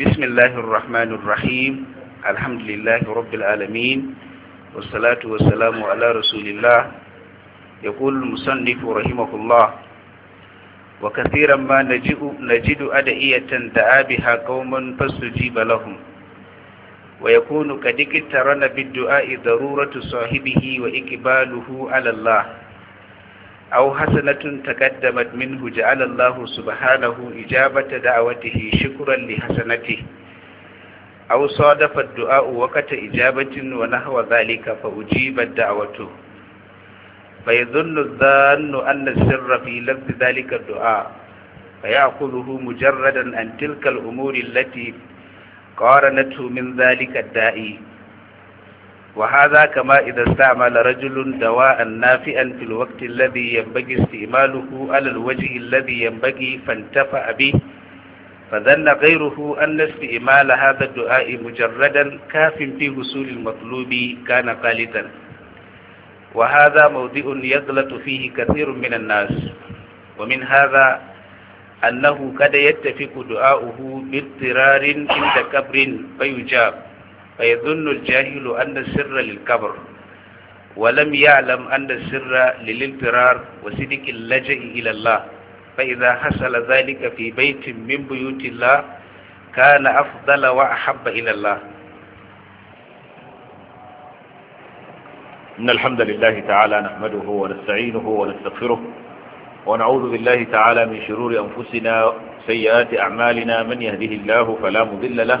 بسم الله الرحمن الرحيم الحمد لله رب العالمين والصلاة والسلام على رسول الله يقول المصنف رحمه الله وكثيرا ما نجد, نجد أدعية دعا بها قوما فاستجيب لهم ويكون قد اقترن بالدعاء ضرورة صاحبه وإقباله على الله Au hasanatun taqaddamat minhu ja'ala Allah subhanahu ijabata da'watihi shukran li hasanati aw sadafa ad-du'a waqta ijabatin wa nahwa dhalika fa ujibat da'watu fa yadhunnu dhannu anna sirra fi labdi dhalika ad-du'a fa ya'quluhu mujarradan an tilka al-umuri allati qaranathu min dhalika ad-da'i وهذا كما إذا استعمل رجل دواء نافئا في الوقت الذي ينبغي استعماله على الوجه الذي ينبغي فانتفع به فظن غيره أن استعمال هذا الدعاء مجردا كاف في وصول المطلوب كان قالتا وهذا موضع يغلط فيه كثير من الناس ومن هذا أنه قد يتفق دعاؤه باضطرار عند كبر فيجاب فيظن الجاهل أن السر للكبر ولم يعلم أن السر للانفرار وصدق اللجأ إلى الله فإذا حصل ذلك في بيت من بيوت الله كان أفضل وأحب إلى الله إن الحمد لله تعالى نحمده ونستعينه ونستغفره ونعوذ بالله تعالى من شرور أنفسنا سيئات أعمالنا من يهده الله فلا مضل له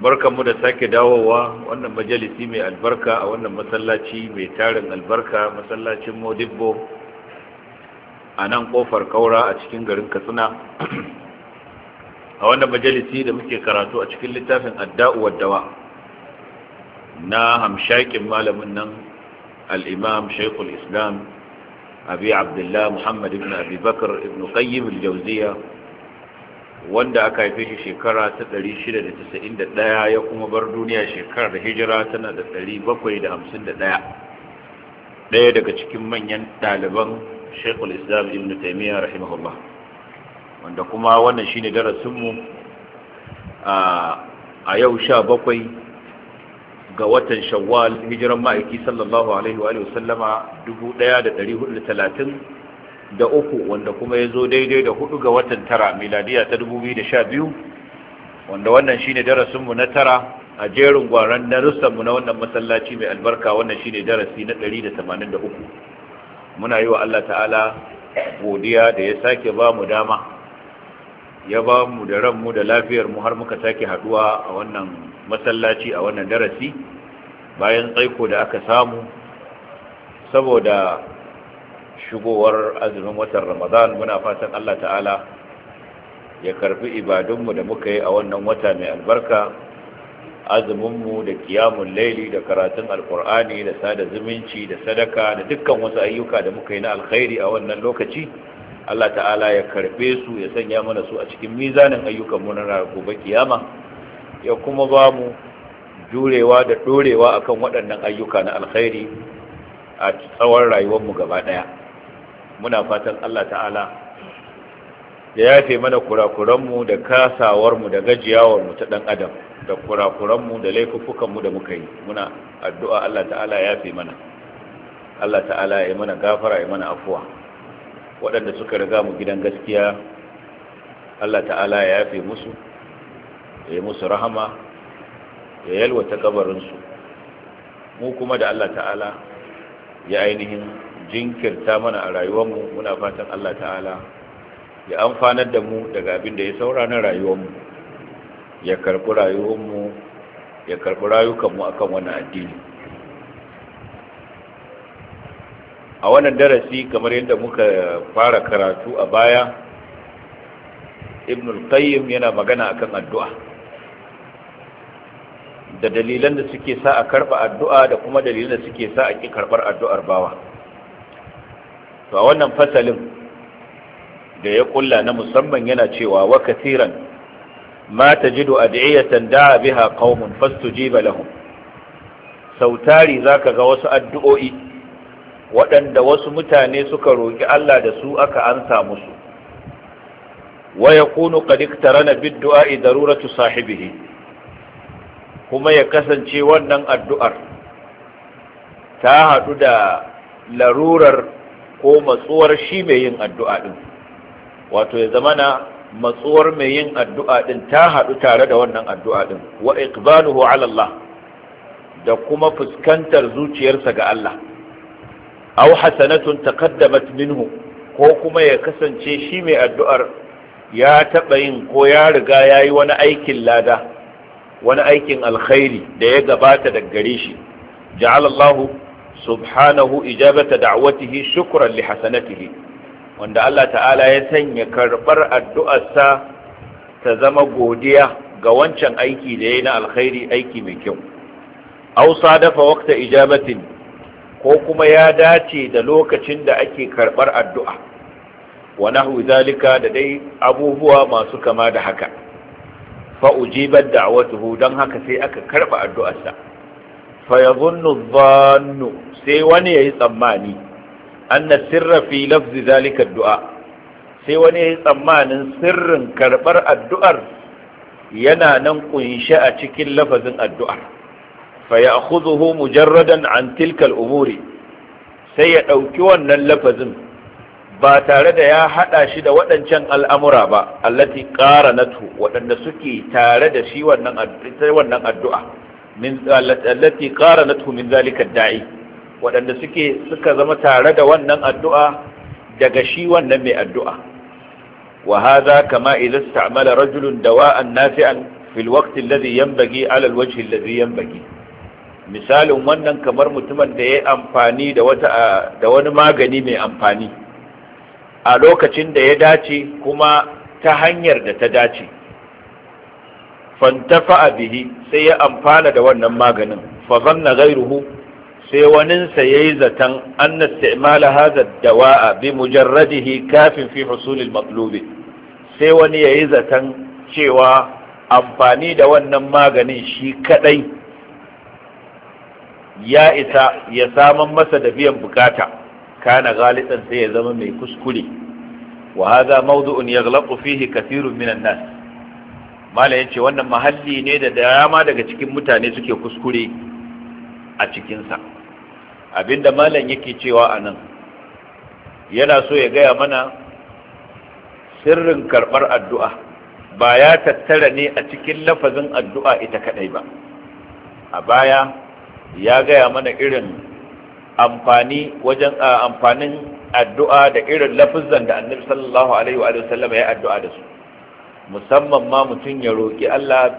barkanmu da sake dawowa wannan majalisi mai albarka a wannan masallaci mai tarin albarka masallacin modibbo a nan kofar kaura a cikin garin katsina a wannan majalisi da muke karatu a cikin littafin adda'u dawa na hamshakin malamin nan al'imam shaikul islam abi abdullah muhammad ibn abi ibn qayyim al wanda aka haife shi shekara ta 691 ya kuma bar duniya shekarar hijira tana da 751 ɗaya daga cikin manyan ɗaliban shekul islam ibn taimiyya rahimahullah wanda kuma wannan shi ne darasinmu a yau sha bakwai ga watan shawwal hijiran ma'aiki sallallahu alaihi wa sallama 1430 da uku wanda kuma ya zo daidai da hudu ga watan tara miladiya ta 2012 wanda wannan shine darasinmu na tara a jerin gwaran darussanmu na wannan masallaci mai albarka wannan shine darasi na 183 muna yi wa Allah ta'ala godiya da ya sake ba mu dama ya ba mu da ranmu da lafiyar mu har muka sake haduwa a wannan masallaci a wannan darasi bayan tsaiko da aka samu saboda shigowar azumin watan ramadan muna fatan allah ta'ala ya karfi ibadunmu da muka yi a wannan wata mai albarka azuminmu da kiyamun laili da karatun alkur'ani da sada zumunci da sadaka da dukkan wasu ayyuka da muka yi na alkhairi a wannan lokaci Allah ta'ala ya karfe su ya sanya mana su a cikin mizanin ayyukanmu na gobe kiyama ya kuma ba mu jurewa da dorewa akan waɗannan ayyuka na alkhairi a tsawon rayuwarmu gaba ɗaya muna fatan Allah ta'ala ya yafe mana kurakuranmu da kasawarmu da gajiyawarmu ta ɗan adam da kurakuranmu da laifukanmu da muka yi muna addu'a Allah ta'ala ya yafe mana Allah ta'ala ya mana gafara ya mana afuwa waɗanda suka riga mu gidan gaskiya Allah ta'ala ya yafe musu ya yi musu rahama ya yalwata kabarinsu mu kuma da Allah ta'ala ya ainihin jinkirta mana a rayuwarmu muna fatan Allah ta'ala ya amfanar da mu daga abin da ya saura na rayuwarmu ya karɓi rayuwarmu ya karɓi rayukanmu akan wannan addini a wannan darasi kamar yadda muka fara karatu a baya ibnul qayyim yana magana akan addu'a da dalilan da suke sa a karɓa addu'a da kuma dalilan da suke sa a ƙi karɓar addu'ar bawa to a wannan fasalin da ya kulla na musamman yana cewa wa kathiran ma tajidu ad'iyatan da'a biha qaumun fastujiba lahum sautari zaka ga wasu addu'o'i waɗanda wasu mutane suka roƙi Allah da su aka ansa musu wa yakunu qad iktarana bid du'a daruratu sahibihi kuma ya kasance wannan addu'ar ta haɗu da larurar ko matsuwar shi mai yin addu'a din wato ya zama na matsuwar mai yin addu'a ɗin ta haɗu tare da wannan addu'a ɗin wa iqbaluhu ala da kuma fuskantar zuciyarsa ga Allah aw hasanatun taqaddamat minhu ko kuma ya kasance shi mai addu'ar ya taɓa yin ko ya riga ya yi wani aikin lada wani aikin alkhairi da ya gabata da gare shi ja'alallahu subhanahu ijabata da'watihi shukran li hasanatihi wanda Allah ta'ala ya sanya karbar addu'arsa ta zama godiya ga wancan aiki da yayi na alkhairi aiki mai kyau aw sadafa waqta ijabatin ko kuma ya dace da lokacin da ake karbar addu'a wa nahwu zalika da dai abubuwa masu kama da haka fa ujibat da'watuhu dan haka sai aka karba addu'arsa فيظن الظان sai wani yayi tsammani anna sirra fi lafzi zalika du'a sai wani yayi tsammanin sirrin karbar addu'ar yana nan kunshe a cikin lafazin addu'ar fa ya'khudhuhu mujarradan an tilka al-umuri sai ya dauki wannan lafazin ba tare da ya hada shi da waɗancan al'amura ba allati qaranatu waɗanda suke tare da shi wannan addu'a min allati qaranatu min zalika da'i waɗanda suke suka zama tare da wannan addu'a daga shi wannan mai addu'a wa hadha kama idza ista'mala rajulun dawa'an nafi'an fil waqti alladhi yanbaghi 'ala alwajhi alladhi yanbaghi misalin wannan kamar mutumin da ya amfani da wani magani mai amfani a lokacin da ya dace kuma ta hanyar da ta dace fantafa'a bihi sai ya amfana da wannan maganin fa zanna ghayruhu sai waninsa yayi zatan anna isti'mal hadha dawa'a bi mujarradihi kafin fi husul al sai wani yayi zatan cewa amfani da wannan maganin shi kadai ya isa ya saman masa da biyan bukata kana galitan sai ya zama mai kuskure wa hadha mawdu'un yaghlaqu fihi kathirun minan nas mala ya ce wannan mahalli ne da dama daga cikin mutane suke kuskure a cikinsa abinda malam yake cewa a nan yana so ya gaya mana sirrin karɓar addu'a ba ya tattara ne a cikin lafazin addu'a ita kaɗai ba a baya ya gaya mana irin amfani wajen amfanin addu'a da irin lafizan da annabi sallallahu alaihi wa sallam ya addu'a da su musamman ma mutum ya roƙi Allah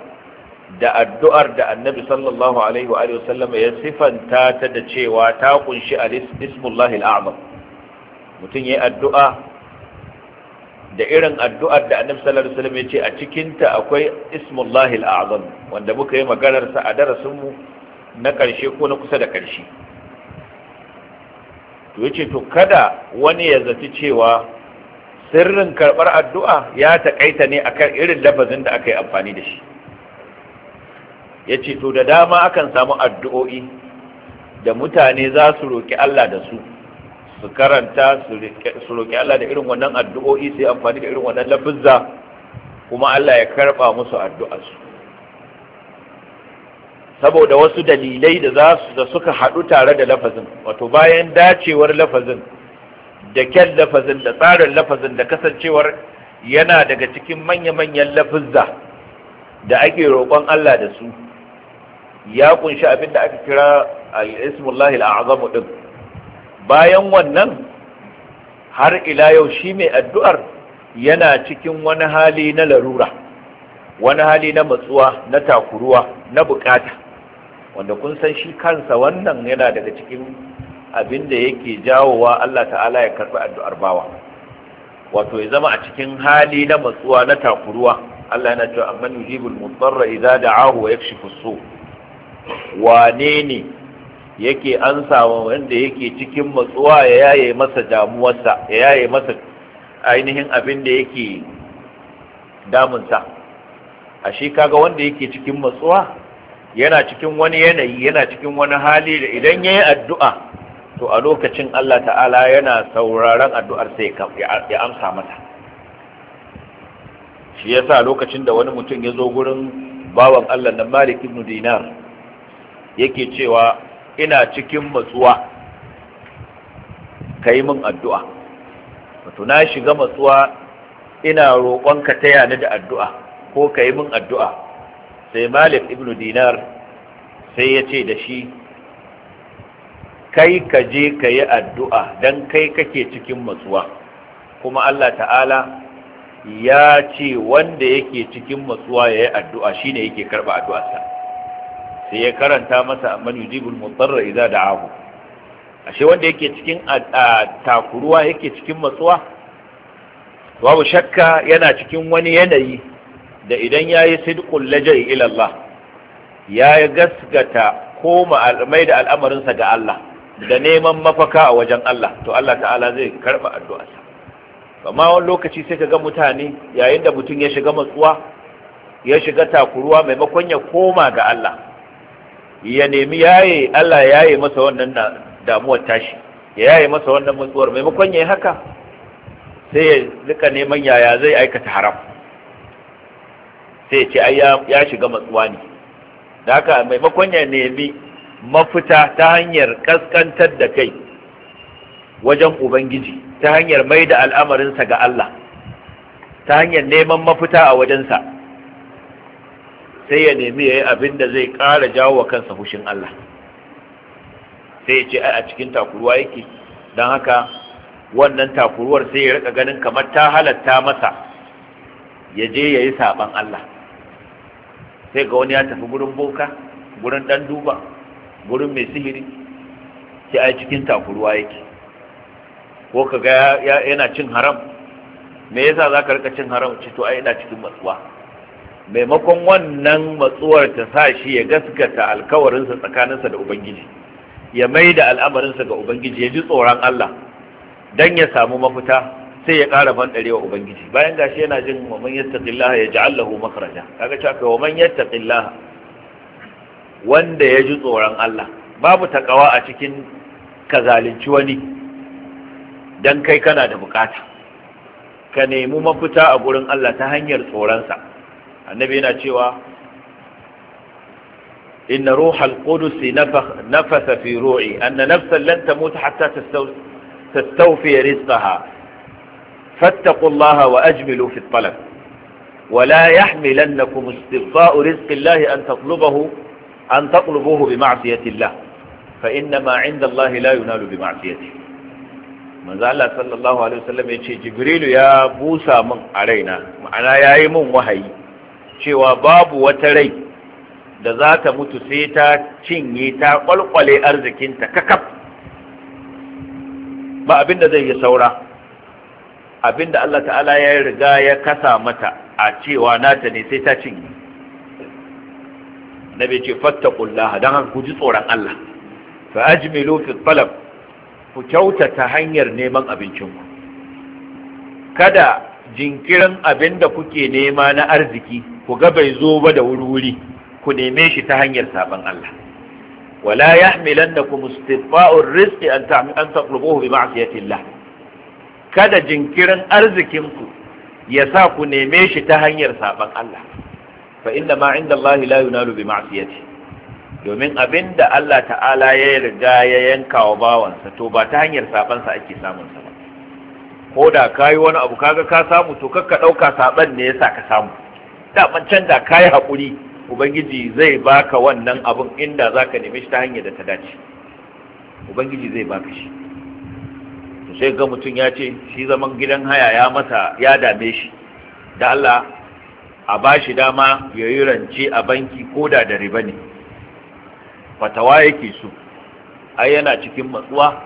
da addu'ar da annabi sallallahu alaihi wa sallama ya sifanta ta da cewa ta kunshi al-ismullahi al-a'zam mutum yayi addu'a da irin addu'ar da annabi sallallahu alaihi ya ce a cikinta akwai ismullahi al wanda muka yi maganarsa a darasin mu na ƙarshe ko na kusa da ƙarshe. to yace to kada wani ya zaci cewa sirrin karɓar addu'a ya taƙaita ne akan irin lafazin da aka yi amfani da shi ya ce to da dama akan samu addu'o'i da mutane za su roƙi Allah da su su karanta su roƙi Allah da irin wannan addu'o'i sai amfani da irin wannan lafizza kuma Allah ya karɓa musu addu'arsu saboda wasu dalilai da za su da suka haɗu tare da lafazin wato bayan dacewar lafazin da kyan lafazin da tsarin lafazin da kasancewar yana daga cikin manya-manyan lafizza da ake roƙon Allah da su ya kunshi abin da aka kira al-ismullahi al’azamu ɗin bayan wannan har ila yau shi mai addu'ar yana cikin wani hali na larura wani hali na matsuwa na takuruwa na bukata wanda kun san shi kansa wannan yana daga cikin abinda yake jawowa Allah ta'ala ya karɓi addu'ar bawa wato ya zama a cikin hali na matsuwa na takuruwa Allah yana cewa amman yujibul mudarra idza da'ahu wa yakshifu su wane ne yake ansa wanda yake cikin matsuwa ya yaye masa damuwarsa ya yaye masa ainihin abin da yake damunsa a shi kaga wanda yake cikin matsuwa yana cikin wani yanayi yana cikin wani hali da idan yayi addu'a to a lokacin Allah ta'ala yana sauraron addu'ar sai ya amsa mata shi yasa lokacin da wani mutum ya zo gurin bawan Allah na Malik ibn Dinar yake cewa ina cikin matsuwa kai min addu'a wato na shiga matsuwa ina roƙon ka ta ni da addu'a ko kai min addu'a sai Malik ibn Dinar sai ya ce da shi kai ka je ka yi addu'a don kai kake cikin matsuwa kuma Allah ta'ala ya ce wanda yake cikin matsuwa ya yi addu'a shi ne yake karɓa addu'arsa sai ya karanta masa amman yujibul mutarra da da'ahu ashe wanda yake cikin takuruwa yake cikin matsuwa babu shakka yana cikin wani yanayi da idan ya yi sidkun laja'i ilallah ya ya gaskata koma mai da al'amarinsa ga Allah da neman mafaka a wajen Allah to Allah ta'ala zai karba addu'arsa amma wani lokaci sai ka ga mutane yayin da mutum ya shiga matsuwa ya shiga takuruwa maimakon ya koma ga Allah ya nemi yaye Allah ya yaye masa wannan damuwar tashi ya yaye masa wannan matsuwar maimakon ya yi haka sai ya duka neman yaya zai aikata haram sai ya ce ai ya shiga matsuwa ne da haka maimakon ya nemi mafita ta hanyar kaskantar da kai wajen ubangiji ta hanyar mai da al'amarinsa ga Allah ta hanyar neman mafita a wajensa sai ya nemi ya yi abin da zai ƙara jawo wa kansa hushin Allah sai ya ce a cikin takuruwa yake don haka wannan takuruwar sai ya rika ganin kamar ta halatta masa ya je ya yi saɓan Allah sai ga wani ya tafi gurin boka gurin ɗan duba gurin mai sihiri sai a cikin takuruwa yake ko ka ga yana cin haram me yasa za ka rika cin haram ce to ai ina cikin matsuwa maimakon wannan matsuwar ta sa shi ya gaskata alkawarinsa tsakaninsa da ubangiji ya mai da al'amarinsa ga ubangiji ya ji tsoron allah dan ya samu mafita sai ya ƙara fanɗarewa ubangiji bayan gashi yana jin wa man yattaqillaha yaj'al lahu makhraja kaga cewa wa man yattaqillaha wanda ya ji tsoron Allah babu takawa a cikin ka zalunci wani dan kai kana da bukata ka nemi mafita a gurin Allah ta hanyar tsoronsa annabi yana cewa inna ruhal القدس نفخ نفث في روعي أن نفسا لن تموت حتى تستوفي رزقها فاتقوا الله وأجملوا في ولا يحملنكم استغفاء رزق الله أن تطلبه an taqlubuhu bi ma'siyatillah fa inna ma 'inda Allah la yunalu bi ma'siyati manzo Allah sallallahu alaihi wasallam yace jibrilu ya busa min a raina ma'ana yayi min wahayi cewa babu wata rai da za ta mutu sai ta cinye ta kwalkwale arzikinta kakaf ba abinda zai yi saura abinda Allah ta'ala ya riga ya kasa mata a cewa nata ne sai ta cinye annabi ce fattaqullaha dan haka ku ji tsoron Allah fa ajmilu fi talab ku kyautata hanyar neman abincin ku. kada jinkirin abin da kuke nema na arziki ku ga bai zo ba da wuri-wuri ku neme shi ta hanyar sabon Allah wala yahmilannakum istifa'ur rizqi an ta'min an taqlubuhu bi ma'siyatillah kada jinkirin arzikinku ya sa ku neme shi ta hanyar sabon Allah fa ma inda Allah la yunalu bi ma'siyati domin abinda Allah ta'ala ya riga ya yanka wa bawansa to ba ta hanyar saban ake samun sa ba ko da kai wani abu kaga ka samu to kakka ɗauka saban ne yasa ka samu da ban canza kai hakuri ubangiji zai baka wannan abun inda zaka nemi shi ta hanyar da ta dace ubangiji zai baka shi to sai ga mutum ya ce shi zaman gidan haya ya masa ya dame shi da Allah a ba shi dama ya yi rance a banki ko da da riba ne fatawa yake so ai yana cikin matsuwa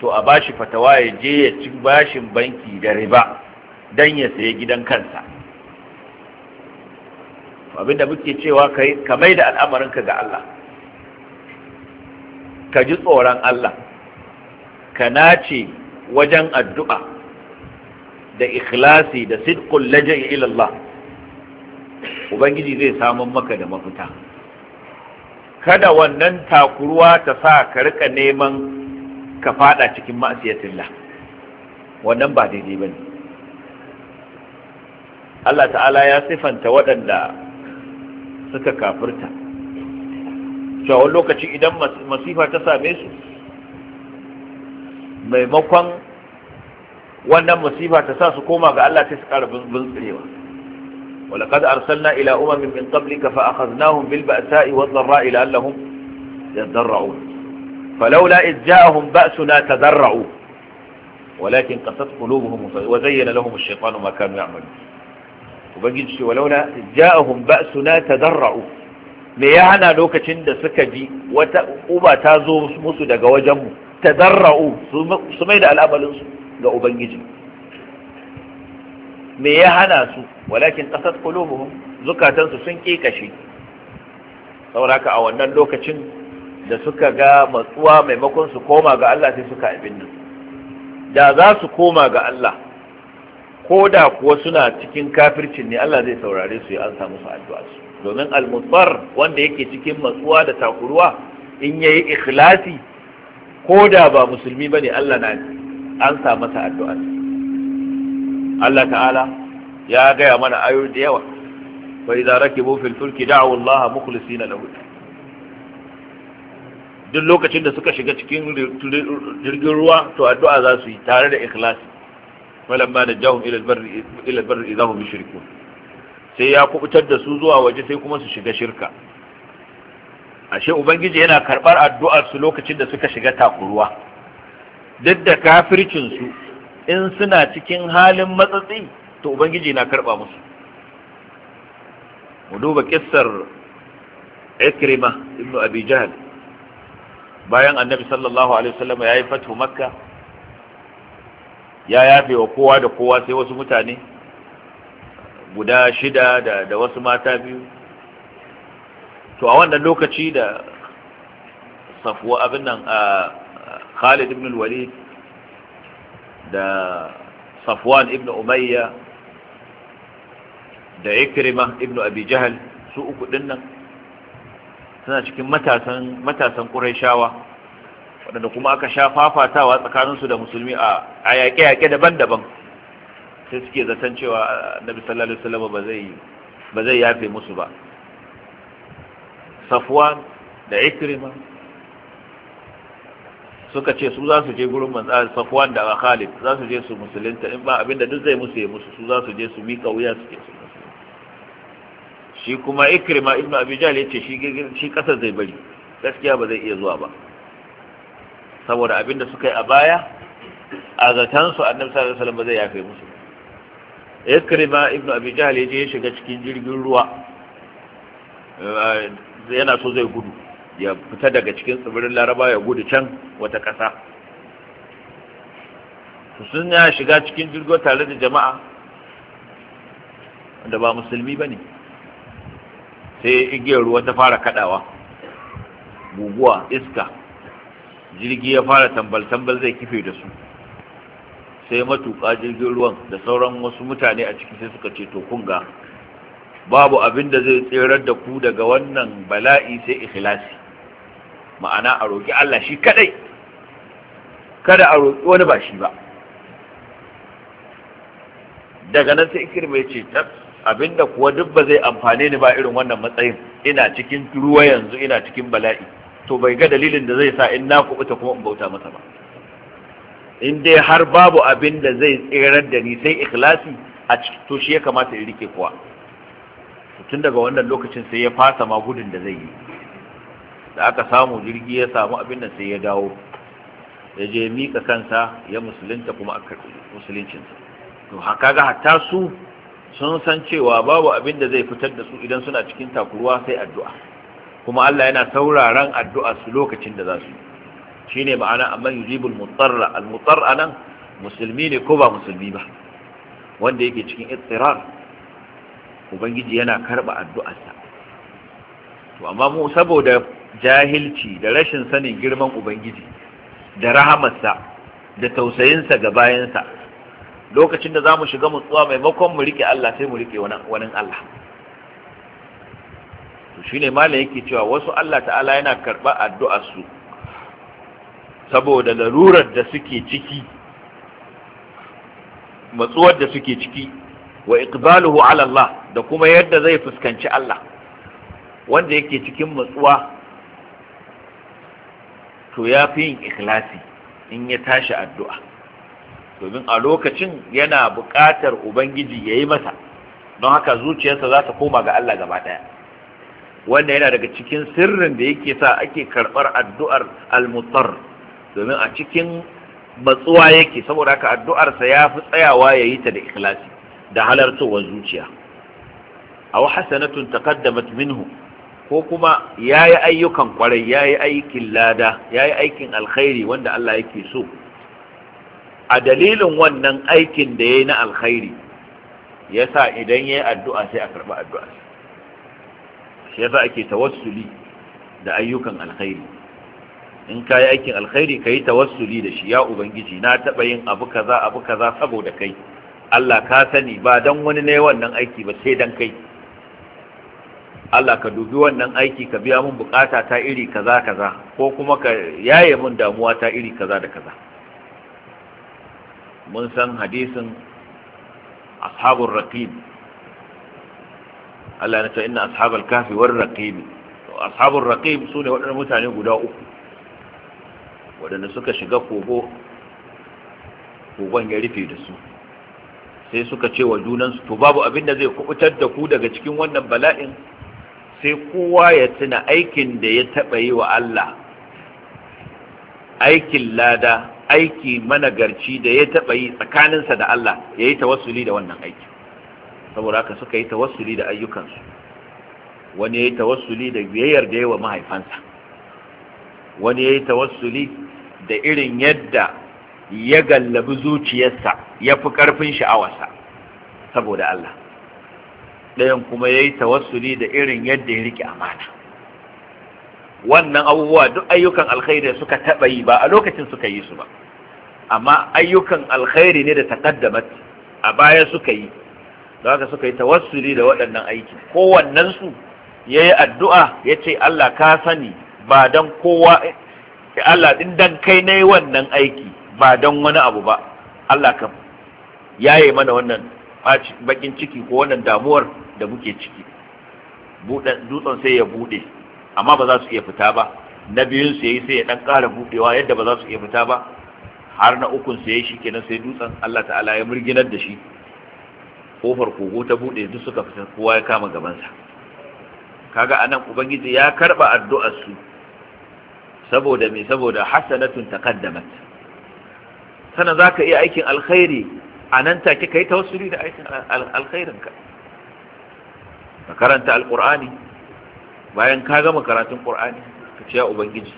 to a ba shi fatawa ya je ya ci bashin banki da riba don ya sayi gidan kansa abinda muke cewa ka mai da al'amarinka ga Allah ka ji tsoron Allah ka nace wajen addu'a da ikhlasi da sidqul laja'i ila Allah ubangiji zai samun maka da mafita kada wannan takuruwa ta sa ka rika neman ka fada cikin ma'asiyatillah wannan ba daidai ba ne. Allah ta'ala ya sifanta waɗanda suka kafirta cewa wani lokaci idan masifa ta same su maimakon wannan masifa ta sa su koma ga Allah ta su ƙara tsirewa ولقد أرسلنا إلى أمم من قبلك فأخذناهم بالبأساء والضراء لعلهم يتضرعون فلولا إذ جاءهم بأسنا تضرعوا ولكن قست قلوبهم وزين لهم الشيطان ما كانوا يعملون وبنجي ولولا إذ جاءهم بأسنا تضرعوا ليعنى ya hana سكجي da تازو ji wata تدرعوا ta الأمل لأبنجي me ya hana su walakin ƙasar qulubuhum zukatan su sun kikashe sauraka a wannan lokacin da suka ga matsuwa maimakon su koma ga Allah sai suka abin nan da za su koma ga Allah ko da kuwa suna cikin kafircin ne Allah zai saurare su ya an samu su addu'a su domin al wanda yake cikin matsuwa da takuruwa in yayi ikhlasi ko da ba musulmi bane Allah na an sa masa addu'a Allah ta'ala ya gaya mana ayo da yawa fa idza rakibu fil fulki da'u Allah mukhlisina lahu duk lokacin da suka shiga cikin jirgin ruwa to addu'a za su yi tare da ikhlasi walamma najahum ila al-barri ila al-barri idza hum yushrikun sai ya kubutar da su zuwa waje sai kuma su shiga shirka ashe ubangiji yana karbar addu'ar su lokacin da suka shiga takuruwa duk da kafircin su in suna cikin halin matsatsi to ubangiji na karba musu mu duba kissar ikrima ibnu abi jahl bayan annabi sallallahu alaihi wasallam yayi fatu makka ya yafe wa kowa da kowa sai wasu mutane guda shida da, da wasu mata biyu to a wannan lokaci da safuwa abin nan a khalid ibn walid da safwan ibn umayya da ikrima ibn abi jahal su uku dinnan suna cikin matasan matasan waɗanda kuma aka sha fafatawa tsakaninsu da musulmi a yaƙe-yaƙe daban-daban sai suke zaton cewa nabi sallallahu alaihi wasallam ba zai ba zai yafe musu ba safwan da ikrima suka ce su za su je gurin manzo Safwan da Khalid za su je su musulunta in ba abinda duk zai musu musu su za su je su mika wuya suke su shi kuma Ikrima ibn Abi Jahl yace shi shi kasar zai bari gaskiya ba zai iya zuwa ba saboda abinda suka yi a baya a zatan su Annabi sallallahu alaihi wasallam ba zai yafe musu Ikrima ibn Abi Jahl yaje ya shiga cikin jirgin ruwa yana so zai gudu ya fita daga cikin tsibirin laraba ya gudu can wata ƙasa sun ya shiga cikin jirgin tare da jama'a wanda ba musulmi ba ne sai igiyar ruwa ta fara kaɗawa guguwa iska jirgi ya fara tambal-tambal zai kife da su sai matuƙa jirgin ruwan da sauran wasu mutane a ciki sai suka ce to kunga babu abin da zai tserar da ku daga wannan bala'i sai ikhlasi ma'ana a roƙi Allah shi kadai kada a roƙi wani ba shi ba daga nan sai ikirma ya ce abinda kuwa duk ba zai amfane ni ba irin wannan matsayin ina cikin ruwa yanzu ina cikin bala'i to bai ga dalilin da zai sa in na kuɓuta kuma in bauta masa ba in dai har babu abin da zai tserar da ni sai ikhlasi a to shi ya kamata in rike kuwa tun daga wannan lokacin sai ya fasa ma gudun da zai yi da aka samu jirgi ya samu abin da sai ya dawo ya je mika kansa ya musulunta kuma aka musuluncinsa to haka ga hatta su sun san cewa babu abin da zai fitar da su idan suna cikin takuruwa sai addu'a kuma Allah yana sauraron addu'a su lokacin da za su shine ma'ana amman yujibul mutarra al mutarra anan musulmi ne ko ba musulmi ba wanda yake cikin ittirar ubangiji yana karba addu'arsa to amma mu saboda jahilci da rashin sanin girman ubangiji da rahamarsa da tausayinsa ga bayansa lokacin da za mu shiga mutsuwa maimakon mu rike Allah sai mu rike wani Allah to shi ne malam yake cewa wasu Allah ta'ala yana karɓar addu'ar su saboda larurar da suke ciki matsuwar da suke ciki wa iqbaluhu ala Allah da kuma yadda zai fuskanci Allah wanda yake cikin matsuwa to ya fi yin ikhlasi in ya tashi addu'a domin a lokacin yana buƙatar ubangiji ya yi masa don haka zuciyarsa za ta koma ga Allah gaba ɗaya wanda yana daga cikin sirrin da yake sa ake karɓar addu'ar almutar domin a cikin matsuwa yake saboda haka addu'arsa ya fi tsayawa ya yi ta da ikhlasi da halartowar zuciya a wa hasanatun taqaddamat minhu ko kuma ya yi ayyukan kwarai ya yi aikin lada ya yi aikin alkhairi wanda Allah yake so a dalilin wannan aikin da ya yi na alkhairi ya sa idan ya yi addu'a sai a karɓi addu'a shi yasa ake tawassuli da ayyukan alkhairi in ka yi aikin alkhairi ka yi tawassuli da shi ya ubangiji na taɓa yin abu kaza abu kaza saboda kai Allah ka sani ba don wani ne wannan aiki ba sai don kai Allah ka dubi wannan aiki ka biya mun bukata ta iri kaza kaza ko kuma ka yaye mun damuwa ta iri kaza da kaza mun san hadisin ashabul raqib Allah ya ce inna ashabal kafi war raqib ashabul raqib sune waɗannan mutane guda uku wadanda suka shiga kogo kogon ya rufe da su sai suka ce wa junansu to babu abin da zai kubutar da ku daga cikin wannan bala'in sai kowa ya tuna aikin da ya taɓa yi wa Allah aikin lada aiki managarci da ya taɓa yi tsakaninsa da Allah ya yi tawassuli da wannan aiki saboda haka suka yi tawassuli da ayyukansu wani ya yi tawassuli da biyayyar da ya wa mahaifansa wani ya yi tawassuli da irin yadda ya gallabi zuciyarsa ya fi ƙarfin sha'awarsa saboda Allah ɗayan kuma ya yi tawassuli da irin yadda ya riƙe amana wannan abubuwa duk ayyukan alkhairi suka taɓa yi ba a lokacin suka yi su ba amma ayyukan alkhairi ne da taƙaddamat a baya suka yi don haka suka yi tawassuli da waɗannan aiki kowannensu ya yi addu'a ya ce Allah ka sani ba don kowa Allah ɗin don kai na yi wannan aiki ba don wani abu ba Allah ka yaye mana wannan bakin ciki ko wannan damuwar da muke ciki dutsen sai ya bude amma ba za su iya fita ba na biyun su yayi sai ya dan ƙara budewa yadda ba za su iya fita ba har na ukun su yayi shikenan sai dutsen Allah ta'ala ya murginar da shi kofar kogo ta bude duk suka fita kowa ya kama gabansa kaga anan ubangiji ya karba addu'ar su saboda me saboda hasanatun taqaddamat sana zaka iya aikin alkhairi anan take kai tawassuli da aikin alkhairinka ka karanta alqur'ani bayan ka gama karatun qur'ani ka ce ubangiji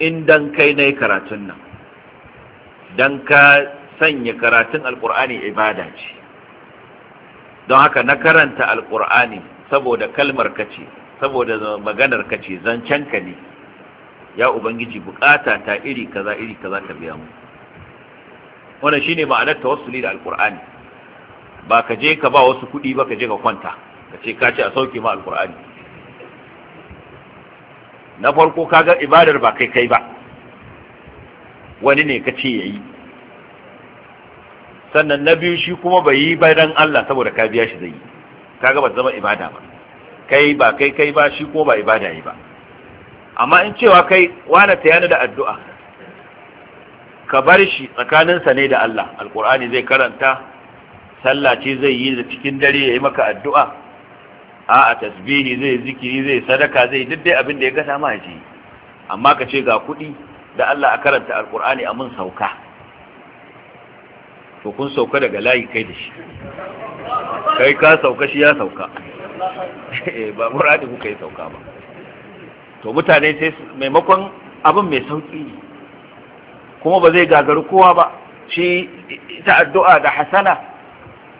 in dan kai nayi karatun nan dan ka sanya karatun alqur'ani ibada ce don haka na karanta Alƙur'ani saboda kalmar ka saboda maganar ka ce zancen ka ne ya ubangiji bukata ta iri kaza iri kaza ka biya mu wannan shine ma'anar tawassuli da alqur'ani ba ka je ka ba wasu kuɗi ba ka je ka kwanta ka ce ka ce a sauke ma alkur'ani na farko ka ga ibadar ba kai kai ba wani ne ka ce ya yi sannan na biyu shi kuma bai yi ba dan Allah saboda ka biya shi zai yi ka ga ba zama ibada ba kai ba kai kai ba shi kuma ba ibada yi ba amma in cewa kai wani ta yana da addu'a ka bar shi tsakaninsa ne da Allah alkur'ani zai karanta sallah ce zai yi da cikin dare ya yi maka addu'a a tasbihi zai zikiri zai sadaka zai duk dai abin da ya gasa ma shi amma ka ce ga kuɗi da Allah a karanta alkur'ani a mun sauka to kun sauka daga layi kai da shi kai ka sauka shi ya sauka eh, ba muradi kuka yi sauka ba to mutane sai maimakon abin mai sauki kuma ba zai gagaru kowa ba shi ita addu'a da hasana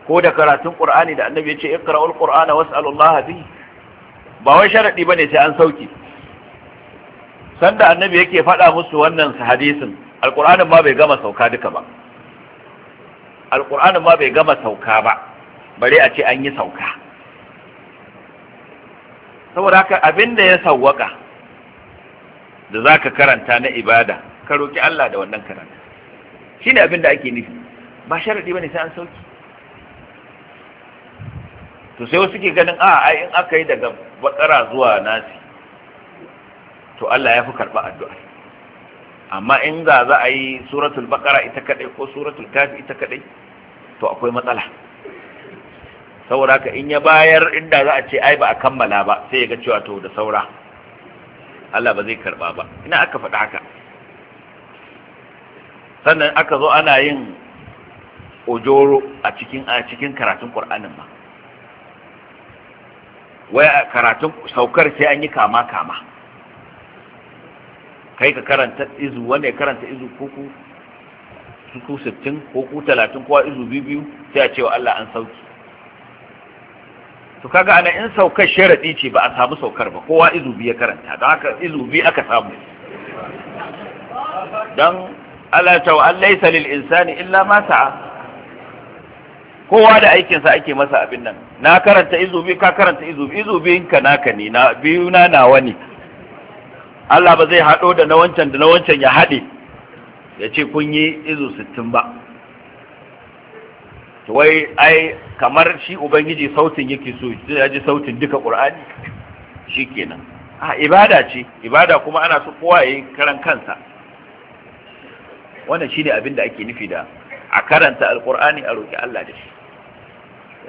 ko da karatun qur'ani da annabi ya yace iqra'ul qur'ana was'alullaha bi ba wai sharadi bane sai an sauki sanda annabi yake faɗa musu wannan hadisin alqur'anin ma bai gama sauka duka ba alqur'anin ma bai gama sauka ba bare a ce an yi sauka saboda haka abin da ya sawwaka da zaka karanta na ibada ka roki Allah da wannan karanta shine da ake nufi ba sharadi bane sai an sauki to sai wasu ke ganin a ah, in aka yi daga bakara zuwa nasi to Allah ya fi karɓa addu'a amma in za a yi suratul bakara ita kaɗai ko suratul kafi ita kaɗai, to akwai matsala saboda haka in ya bayar inda za a ce ai ba a kammala ba sai ya ga cewa to da saura Allah ba zai karɓa ba ina aka faɗa haka sannan aka zo ana yin ojoro a cikin a cikin karatun Qur'anin ma wai a karatun saukar sai an yi kama kama kai ka karanta izu wanda ya karanta izu kuku ku sittin ko ku talatin kowa izu biyu biyu sai a ce wa Allah an sauki to kaga ana in saukar sharadi ce ba a samu saukar ba kowa izu biyu ya karanta don haka izu biyu aka samu dan Allah ta wa laysa lil insani illa ma sa'a kowa da aikinsa ake masa abin nan na karanta izubi ka karanta izubi izubinka naka ne na biyu na nawa ne Allah ba zai haɗo da na wancan da na wancan ya haɗe ya ce kun yi izu sittin ba wai ai kamar shi ubangiji sautin yake so ya ji sautin duka qur'ani shi kenan a ibada ce ibada kuma ana so kowa ya yi karan kansa wannan shi ne abin da ake nufi da a karanta alqur'ani a roƙi Allah da shi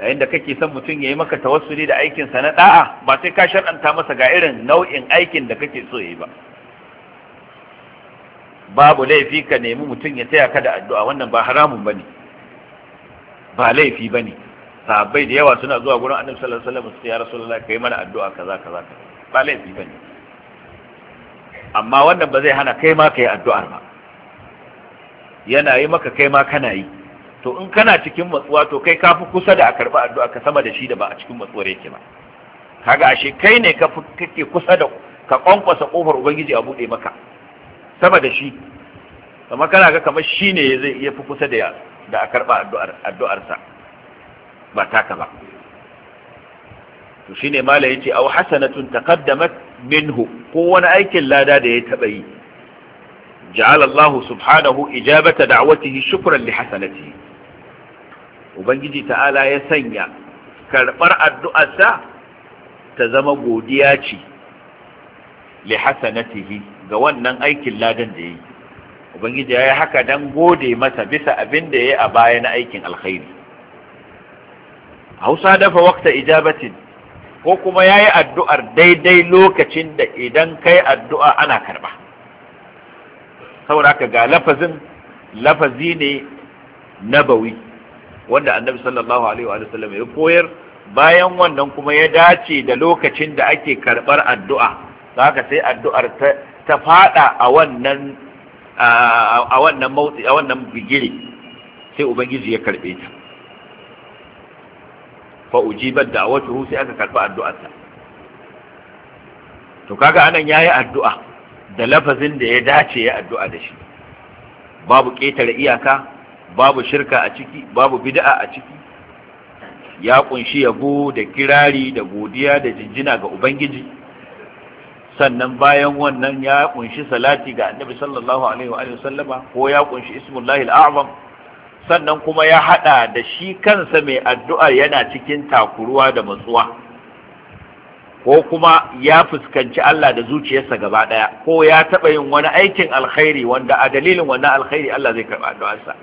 yayin da kake son mutum ya yi maka tawassuli da aikinsa na da'a ba sai ka shar'anta masa ga irin nau'in aikin da kake so yi ba babu laifi ka nemi mutum ya taya ka da addu'a wannan ba haramun bane ba laifi bane sahabbai da yawa suna zuwa gurin annabi sallallahu alaihi wasallam su ya rasulullah kai mana addu'a kaza kaza kaza ba laifi bane amma wannan ba zai hana kai ma kai addu'ar ba yana yi maka kai ma kana yi to in kana cikin matsuwa to kai kafi kusa da a karɓi addu'a ka sama da shi da ba a cikin matsuwar yake ba kaga ashe kai ne ka kake kusa da ka kwankwasa kofar ubangiji a buɗe maka sama da shi kamar kana ga kamar shi ne zai iya fi kusa da da a karɓa addu'ar addu'arsa ba taka ba to shine mala yace aw hasanatun taqaddamat minhu ko wani aikin lada da ya taɓa yi ja'ala Allah subhanahu ijabata da'watihi shukran li hasanatihi ubangiji ta'ala ya sanya karɓar addu'arsa ta zama godiya ce li hasanatihi ga wannan aikin ladan da ya yi ubangiji ya yi haka don gode masa bisa abin da ya yi a baya na aikin alkhairi hausa dafa wakta ijabatin ko kuma ya yi addu'ar daidai lokacin da idan kai addu'a ana karɓa sauraka ga lafazin lafazi ne nabawi wanda annabi sallallahu alaihi wa sallam ya koyar bayan wannan kuma ya dace da lokacin da ake karɓar addu'a saka sai addu'ar ta fada a wannan a wannan motsi a wannan bigire sai ubangiji ya karbe ta fa ujibat da'watuhu sai aka addu'ar ta. to kaga anan yayi addu'a da lafazin da ya dace ya addu'a da shi babu ƙetare iyaka babu shirka a ciki babu bid'a a ciki ya kunshi yabo da kirari da godiya da jinjina ga ubangiji sannan bayan wannan ya kunshi salati ga annabi sallallahu alaihi wa sallama ko ya kunshi ismullahi al'azam sannan kuma ya hada da shi kansa mai addu'a yana cikin takuruwa da matsuwa ko kuma ya fuskanci Allah da zuciyarsa gaba daya ko ya taba yin wani aikin alkhairi wanda a dalilin wannan alkhairi Allah zai karba addu'arsa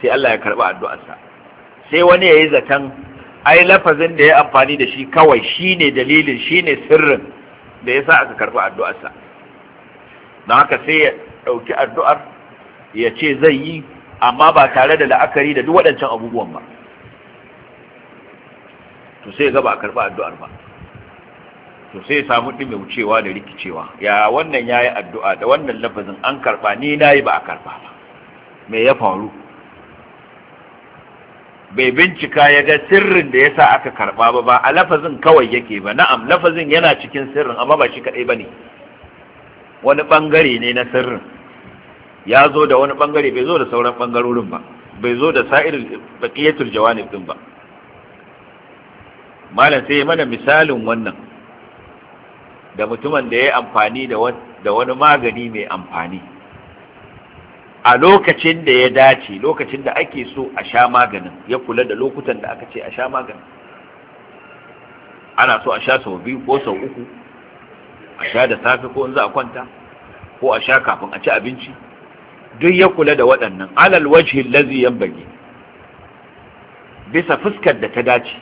sai Allah ya karɓi addu'arsa sai wani ya yi zaton ai lafazin da ya amfani da shi kawai shine dalilin shine sirrin da ya sa aka karɓi addu'arsa don haka sai ya ɗauki addu'ar ya ce zai yi amma ba tare da la'akari da duk waɗancan abubuwan ba to sai ga ba a karɓi addu'ar ba to sai samu ɗin mai wucewa da rikicewa ya wannan ya yi addu'a da wannan lafazin an karɓa ni na yi ba a karɓa ba me ya faru bai bincika ya ga sirrin da yasa aka karba ba ba a lafazin kawai yake ba na'am lafazin yana cikin sirrin amma ba shi kadai ne. wani ɓangare ne na sirrin ya zo da wani ɓangare bai zo da sauran ɓangarorin ba bai zo da sa'irin baƙiyatul jawanib din ba malam sai mana misalin wannan da mutumin da ya amfani da wani magani mai amfani a lokacin da ya dace lokacin da ake so a sha maganin ya kula da lokutan da aka ce a sha maganin ana so a sha sau biyu ko sau uku a sha da safe ko in za a kwanta ko a sha kafin a ci abinci duk ya kula da waɗannan alal wajhi lazi bage, bisa fuskar da ta dace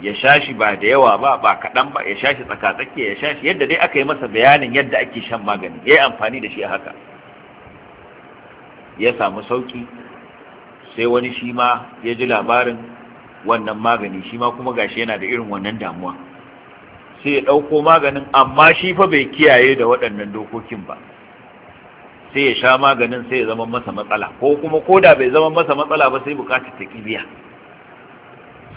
ya sha shi ba da yawa ba ba kaɗan ba ya sha shi tsakatsakiya ya sha shi yadda dai aka yi masa bayanin yadda ake shan magani ya yi amfani da shi a haka ya samu sauki sai wani shi ma ya ji labarin wannan magani shi ma kuma gashi yana da irin wannan damuwa sai ya ɗauko maganin amma shi fa bai kiyaye da waɗannan dokokin ba sai ya sha maganin sai ya zama masa matsala ko kuma koda bai zama masa matsala ba sai bukatar ta kibiya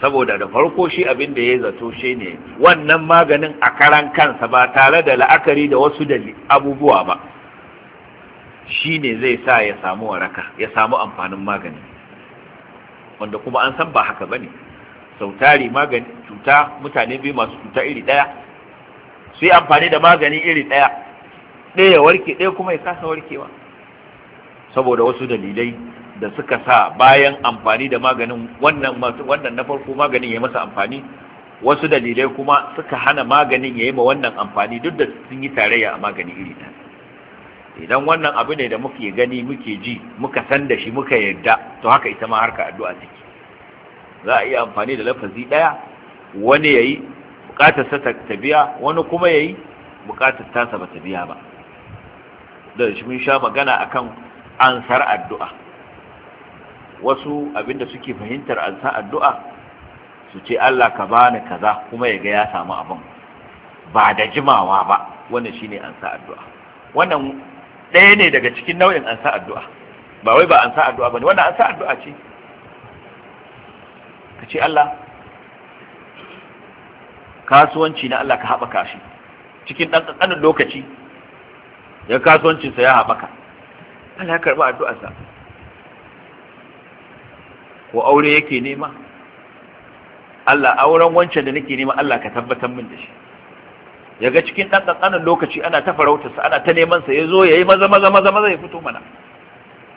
saboda da farko shi abin da ya zato shi ne wannan maganin a karan kansa ba tare da la'akari da wasu abubuwa ba shi ne zai sa ya samu waraka ya samu amfanin magani wanda kuma an san ba haka bane sau tari magani cuta mutane biyu masu cuta iri ɗaya su yi amfani da magani iri ɗaya ɗaya ya warke ɗaya kuma ya kasa warkewa saboda wasu dalilai da suka sa bayan amfani da maganin wannan wannan na farko maganin ya masa amfani wasu dalilai kuma suka hana maganin ya yi ma wannan amfani duk da sun yi tarayya a magani iri ɗaya idan wannan abu ne da muke gani muke ji muka san da shi muka yarda to haka ita ma harka addu'a take za a iya amfani da lafazi daya wani yayi bukatar sa ta biya wani kuma yayi bukatar tasa ba ta biya ba da shi mun sha magana akan ansar addu'a wasu abin da suke fahimtar ansar addu'a su ce Allah ka bani kaza kuma ya ga ya samu abin ba da jimawa ba wannan shine ansar addu'a wannan ɗaya ne daga cikin nau'in an sa addu'a ba wai ba an sa addu'a bane wannan an sa addu'a ce ka ce Allah kasuwanci na Allah ka haɓaka shi cikin ɗan ƙanƙanin lokaci ya kasuwancinsa ya haɓaka Allah ya karɓi addu'arsa ko aure yake nema Allah auren wancan da nake nema Allah ka tabbatar min da shi ya ga cikin ɗan ƙanƙanin lokaci ana ta farautarsa ana ta neman sa ya zo ya yi maza maza maza maza ya fito mana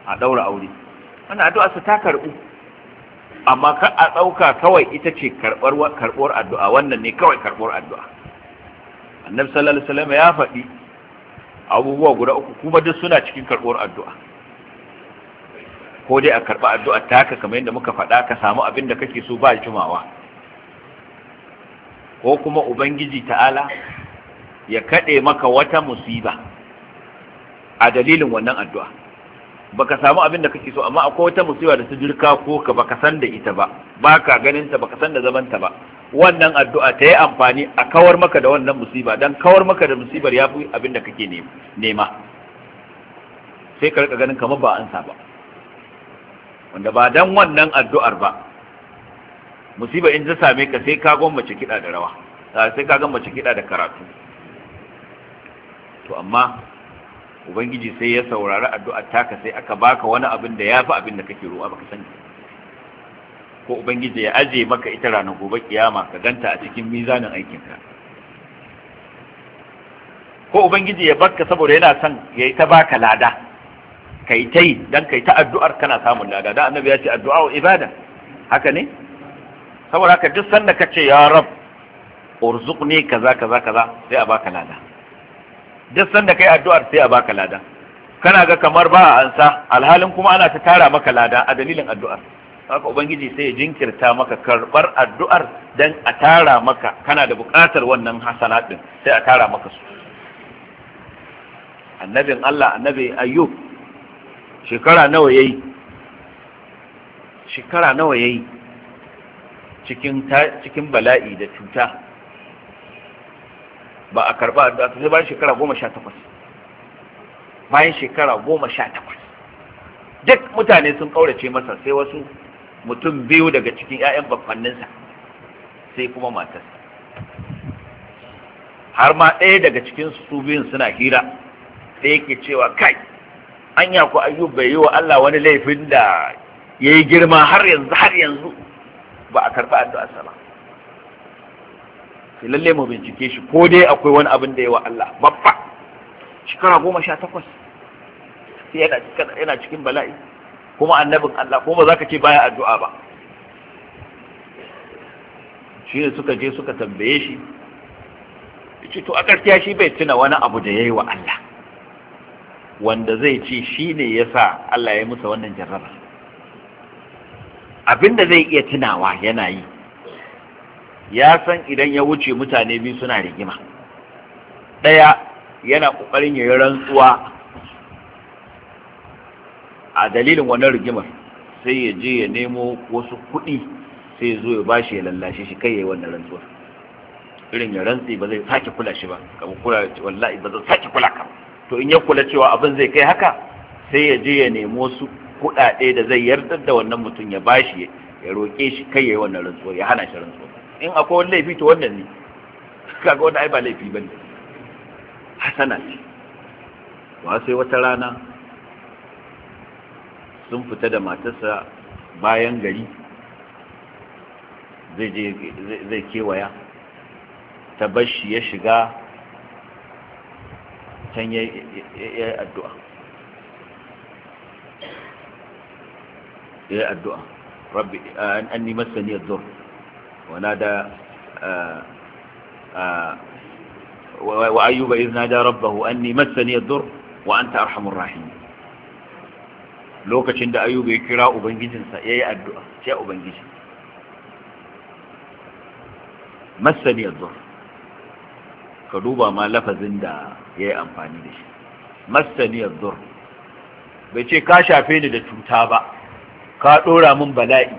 a ɗaura aure Ana addu'a su ta karɓu amma ka a ɗauka kawai ita ce karɓar addu'a wannan ne kawai karɓar addu'a annabi sallallahu alaihi wasallam ya faɗi abubuwa guda uku kuma duk suna cikin karɓar addu'a ko dai a karɓi addu'a ta haka kamar yadda muka faɗa ka samu abin da kake so ba jimawa ko kuma ubangiji ta'ala ya kaɗe maka wata musiba a dalilin wannan addu'a baka samu abin da kake so amma akwai wata musiba da ta jirka ko ka baka san da ita ba ka ganin ta baka san da zaman ta ba wannan addu'a ta yi amfani a kawar maka da wannan musiba don kawar maka da musibar ya fi abin da kake nema sai ka rika ganin kamar ba sa ba wanda ba don wannan addu'ar ba musiba in ta same ka sai ka gwammace kiɗa da rawa sai ka gwammace kiɗa da karatu to amma ubangiji sai ya saurari addu'ar taka sai aka baka wani abin da yafi abin da kake roƙa baka sani ko ubangiji ya aje maka ita ranar gobe kiyama ka ganta a cikin mizanin aikinka ko ubangiji ya baka saboda yana son ya ta baka lada kai tai dan kai ta addu'ar kana samun lada dan annabi ya ce addu'a wa ibada haka ne saboda haka duk sanda ka ce ya rab urzuqni kaza kaza kaza sai a baka lada duk sanda kai addu'ar sai a baka lada kana ga kamar ba a ansa alhalin kuma ana ta tara maka lada a dalilin addu'ar haka ubangiji sai ya jinkirta maka karbar addu'ar dan a tara maka kana da buƙatar wannan hasanat din sai a tara maka su annabin Allah annabi ayyub shekara nawa yayi shekara nawa yayi cikin cikin bala'i da cuta ba a karba addu'a sai bayan shekara goma sha takwas bayan shekara goma sha takwas duk mutane sun ƙaurace masa sai wasu mutum biyu daga cikin 'ya'yan babbanninsa sai kuma matarsa har ma ɗaya daga cikin su biyun suna hira sai yake cewa kai anya ku ayyub bai yi wa Allah wani laifin da ya yi girma har yanzu har yanzu ba a karɓi addu'a ba sai lalle mu bincike shi ko dai akwai wani abin da yawa Allah babba shekara goma sha takwas sai yana cikin bala'i kuma annabin Allah ko ba za ka ce baya addu'a ba shi ne suka je suka tambaye shi ce to a gaskiya shi bai tuna wani abu da ya yi wa Allah wanda zai ce shi ne ya sa Allah ya yi masa wannan jarraba da zai iya tunawa yana yi ya san idan ya wuce mutane biyu suna rigima ɗaya yana ƙoƙarin ya yi rantsuwa a dalilin wannan rigimar sai ya je ya nemo wasu kuɗi sai ya zo ya ba shi ya lallashe shi kai ya yi wannan rantsuwar irin ya rantsi ba zai sake kula shi ba kamar kula wallahi ba zai sake kula ka to in ya kula cewa abin zai kai haka sai ya je ya nemo wasu kuɗaɗe da zai yardar da wannan mutum ya ba shi ya roƙe shi kai ya yi wannan rantsuwar ya hana shi rantsuwar in akwai wani laifi ta wannan ne ga wani ai ba laifi bane hasana ce ba sai wata rana sun fita da matarsa bayan gari zai kewaya ta bashi ya shiga can ya yi addu'a ya yi addu'a rabbi an nima saniyar zuwa ونادى وأيوب إذ نادى ربه أني مسني الضر وأنت أرحم الراحمين lokacin da ayuba ya kira ubangijinsa ya yi addu'a sai ubangiji masani yanzu ka duba ma lafazin da ya yi amfani da shi masani yanzu bai ce ka shafe ni da cuta ba ka ɗora min bala'i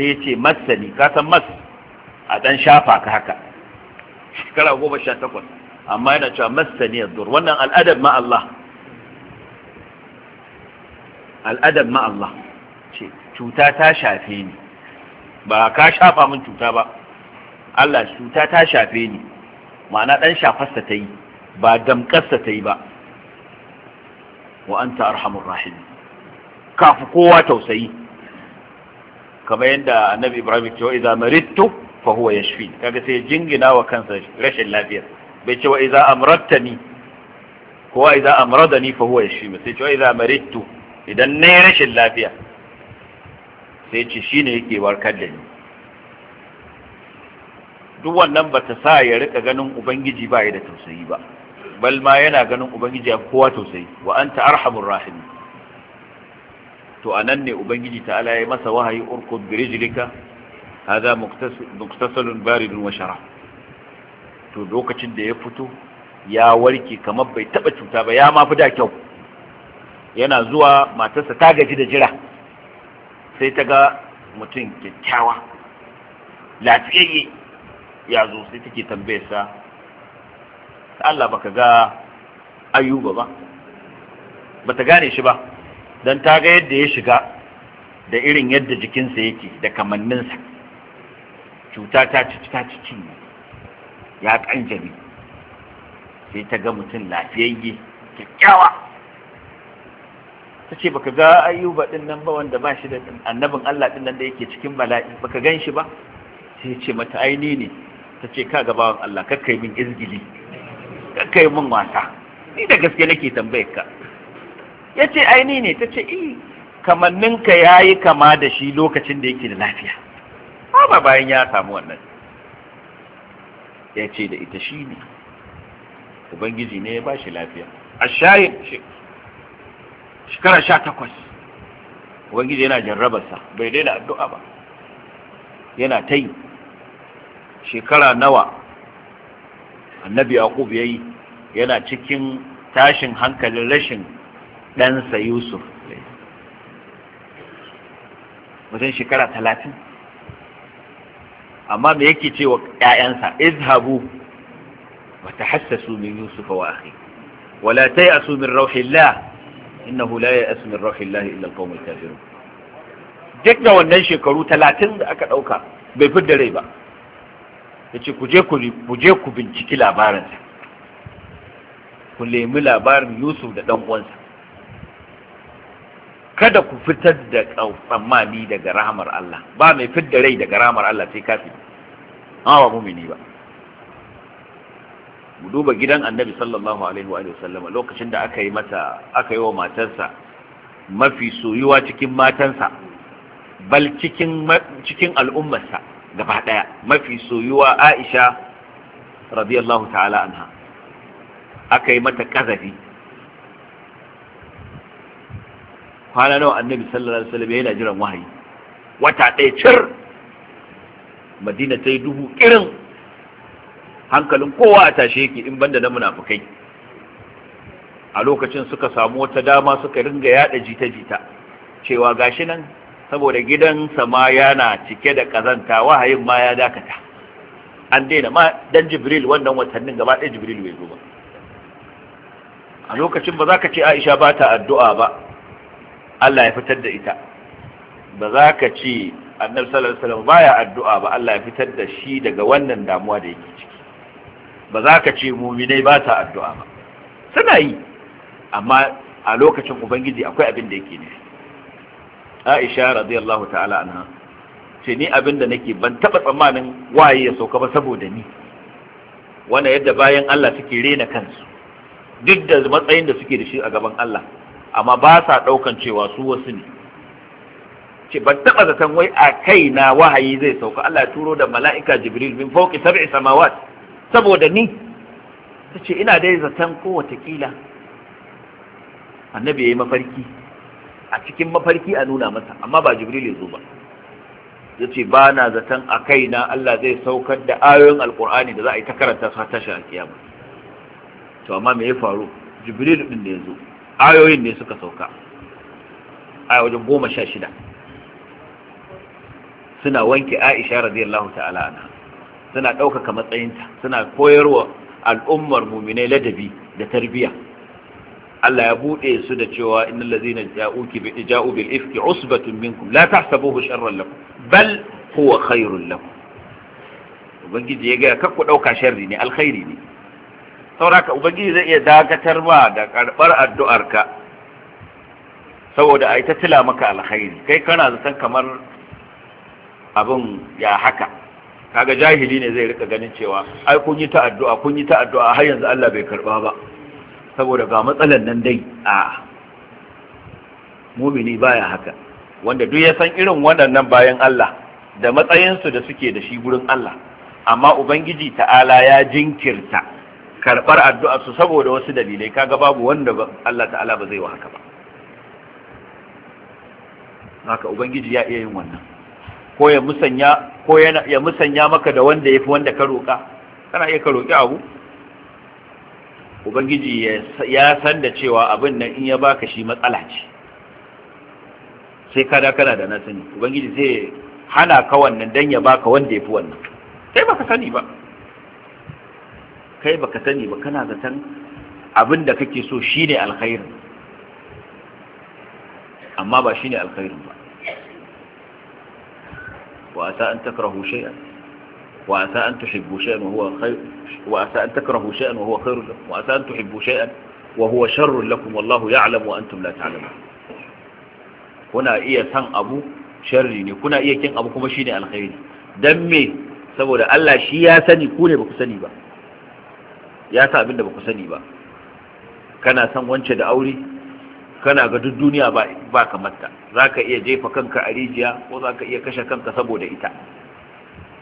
sai ya ce masani ka san mas a dan shafa ka haka shekara goma sha takwas amma yana cewa masani ya dur wannan al'adar ma Allah al'adab ma Allah ce cuta ta shafe ni ba ka shafa min cuta ba Allah cuta ta shafe ni ma'ana dan shafarsa ta yi ba damkarsa ta yi ba wa anta arhamur rahim Kafu kowa tausayi kamar yadda annabi ibrahim ce wa idza maridtu fa huwa yashfi kaga sai jingina wa kansa rashin lafiya bai ce wa idza amradtani ko wa idza amradani fa huwa yashfi sai ce wa idza maridtu idan nayi rashin lafiya sai ce shine yake warkar da ni duk wannan ba ta sa ya rika ganin ubangiji ba ya da tausayi ba bal ma yana ganin ubangiji ya kowa tausayi wa anta arhamur rahimin to anan ne ubangiji ta'ala ya masa wahayi urkud birijlika hadha muktasalun baridun wa shara to lokacin da ya fito ya warke kamar bai taba cuta ba ya ma fi da kyau yana zuwa matarsa ta gaji da jira sai ta ga mutum kyakkyawa lafiyayye ya zo sai take tambayarsa Allah baka ga ayyuba ba bata gane shi ba don ta ga yadda ya shiga da irin yadda jikinsa yake da kamanninsa cuta ta ci ta ci ya kanjami sai ta ga mutum lafiyayye kyakkyawa ta ce baka ga ayyuba din nan ba wanda ba shi da annabin Allah din nan da yake cikin bala'i baka gan shi ba sai ce mata aini ne ta ce ka ga bawan Allah kakkai min izgili kakkai min wasa ni da gaske nake tambayar ka ya ce aini ne ta ce i eh, kamanninka ya yi kama da shi lokacin da yake da lafiya ba bayan ya samu wannan ya ce da ita shi ne ubangiji ne ya ba shi lafiya a shayin shekara sha takwas ubangiji yana jarrabarsa bai daina addu'a ba yana ta yi shekara nawa annabi yaqub yayi yana cikin tashin hankalin rashin ɗansa yusuf wajen shekara talatin amma me yake ce wa ‘ya'yansa izhabu wa ta hassasu min yusuf wa akhi wala ta yi asu min rauhillah innahu la ya asu min rauhillah illa alqawmul kafirun duk da wannan shekaru talatin da aka ɗauka bai fidda rai ba ya ce ku je ku binciki labarinsa ku nemi labarin yusuf da ɗan uwansa kada ku fitar da tsammani daga rahamar Allah ba mai fidda rai daga rahamar Allah sai kafi amma ba mumini ba mu duba gidan annabi sallallahu alaihi wa sallama lokacin da aka yi mata aka yi wa matarsa mafi soyuwa cikin matansa bal cikin cikin al'ummarsa gaba daya mafi soyuwa Aisha radiyallahu ta'ala anha aka yi mata kazafi kwana nawa annabi sallallahu alaihi wasallam yana jiran wahayi wata ɗaya cir madina ta yi duhu irin hankalin kowa a tashe yake in banda na munafukai a lokacin suka samu wata dama suka ringa yada jita-jita cewa gashi nan saboda gidansa ma yana cike da kazanta wahayin ma ya dakata an daina ma dan jibril wannan watannin gaba ɗaya jibril bai zo ba a lokacin ba za ka ce aisha ba ta addu'a ba Allah ya fitar da ita ba za ka ce annabi sallallahu alaihi wasallam baya addu'a ba Allah ya fitar da shi daga wannan damuwa da yake ciki ba za ka ce muminai ba ta addu'a ba suna yi amma a lokacin ubangiji akwai abin da yake ne Aisha radiyallahu ta'ala anha ce ni abin da nake ban taba tsammanin waye ya sauka ba saboda ni wannan yadda bayan Allah suke rena kansu duk da matsayin da suke da shi a gaban Allah amma ba sa ɗaukan cewa su wasu ne ce ban taɓa zaton wai a kai na wahayi zai sauka Allah ya turo da mala'ika jibril min fauki sab'i samawat saboda ni ta ce ina dai zaton ko watakila annabi ya yi mafarki a cikin mafarki a nuna masa amma ba jibril ya zo ba ya ce ba na zaton a kaina Allah zai saukar da ayoyin alkur'ani da za a yi ta karanta su ta shi a kiyama to amma me ya faru jibril din da ya zo ayoyin ne suka sauka a wajen goma sha shida suna wanke aisha radiyallahu ta'ala anha suna ɗaukaka matsayinta suna koyarwa al'ummar muminai ladabi da tarbiyya. Allah ya buɗe su da cewa innal ladzina ja'uki bi ja'u bil ifki usbatun minkum la tahsabuhu sharran lakum bal huwa khairul lakum ubangiji ya ga kakku ɗauka sharri ne alkhairi ne sauraka ubangiji zai iya dakatar ma da karbar addu'arka saboda ai ta tila maka alkhairi kai kana zaton kamar abin ya haka kaga jahili ne zai rika ganin cewa ai kun yi ta addu'a kun yi ta addu'a har yanzu Allah bai karba ba saboda ga matsalan nan dai a mumini baya haka wanda duk ya san irin waɗannan bayan Allah da matsayinsu da suke da shi gurin Allah amma ubangiji ta'ala ya jinkirta karɓar addu'arsu saboda wasu dalilai kaga babu wanda Allah ta'ala ba zai wa haka ba haka ubangiji ya iya yin wannan ko ya musanya ko ya musanya maka da wanda yafi wanda ka roƙa kana iya ka roƙi abu ubangiji ya san da cewa abin nan in ya baka shi matsala ce sai kada kana da na sani ubangiji zai hana ka wannan dan ya baka wanda yafi wannan sai baka sani ba kai baka sani ba kana zaton abin da kake so shine alkhairi amma ba shine alkhairi ba wa asa an takrahu shay'an wa asa an tuhibbu shay'an wa huwa khair wa asa an takrahu shay'an wa huwa khairun lakum wa asa an tuhibbu shay'an wa huwa sharr lakum wallahu ya'lamu wa antum la ta'lamun kuna iya san abu sharri ne kuna iya kin abu kuma shine alkhairi dan me saboda Allah shi ya sani ku ne ba ku sani ba ya sa abin da ba ku sani ba kana san wance da aure kana ga duk duniya ba kamar ta za ka iya jefa kanka a rijiya ko za ka iya kashe kanka saboda ita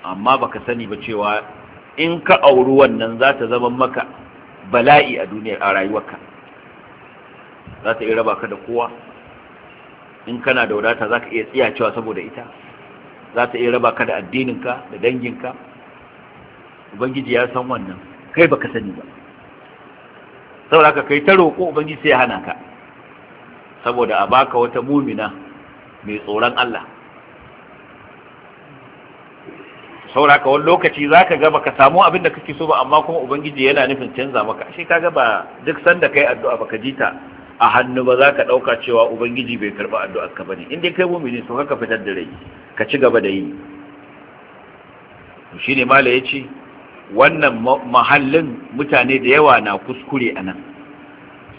amma baka sani ba cewa in ka auri wannan za ta zama maka bala'i a duniyar a rayuwarka za ta iya raba ka da kowa in kana da wadata za ka iya tsayacewa saboda ita za ta iya raba ka da addininka da danginka ubangiji ya san wannan kai baka sani ba saboda ka kai ta roƙo ubangiji sai ya hana ka saboda a baka wata mumina mai tsoron Allah saboda ka wani lokaci za ka gaba ka samu abin da kake so ba amma kuma ubangiji yana nufin canza maka shi ka gaba duk sanda kai addu'a baka ji ta a hannu ba za ka ɗauka cewa ubangiji bai karɓi addu'ar ka bane in dai kai mumini so ka fitar da rai ka ci gaba da yi shine mala ce wannan mahallin mutane da yawa na kuskure a nan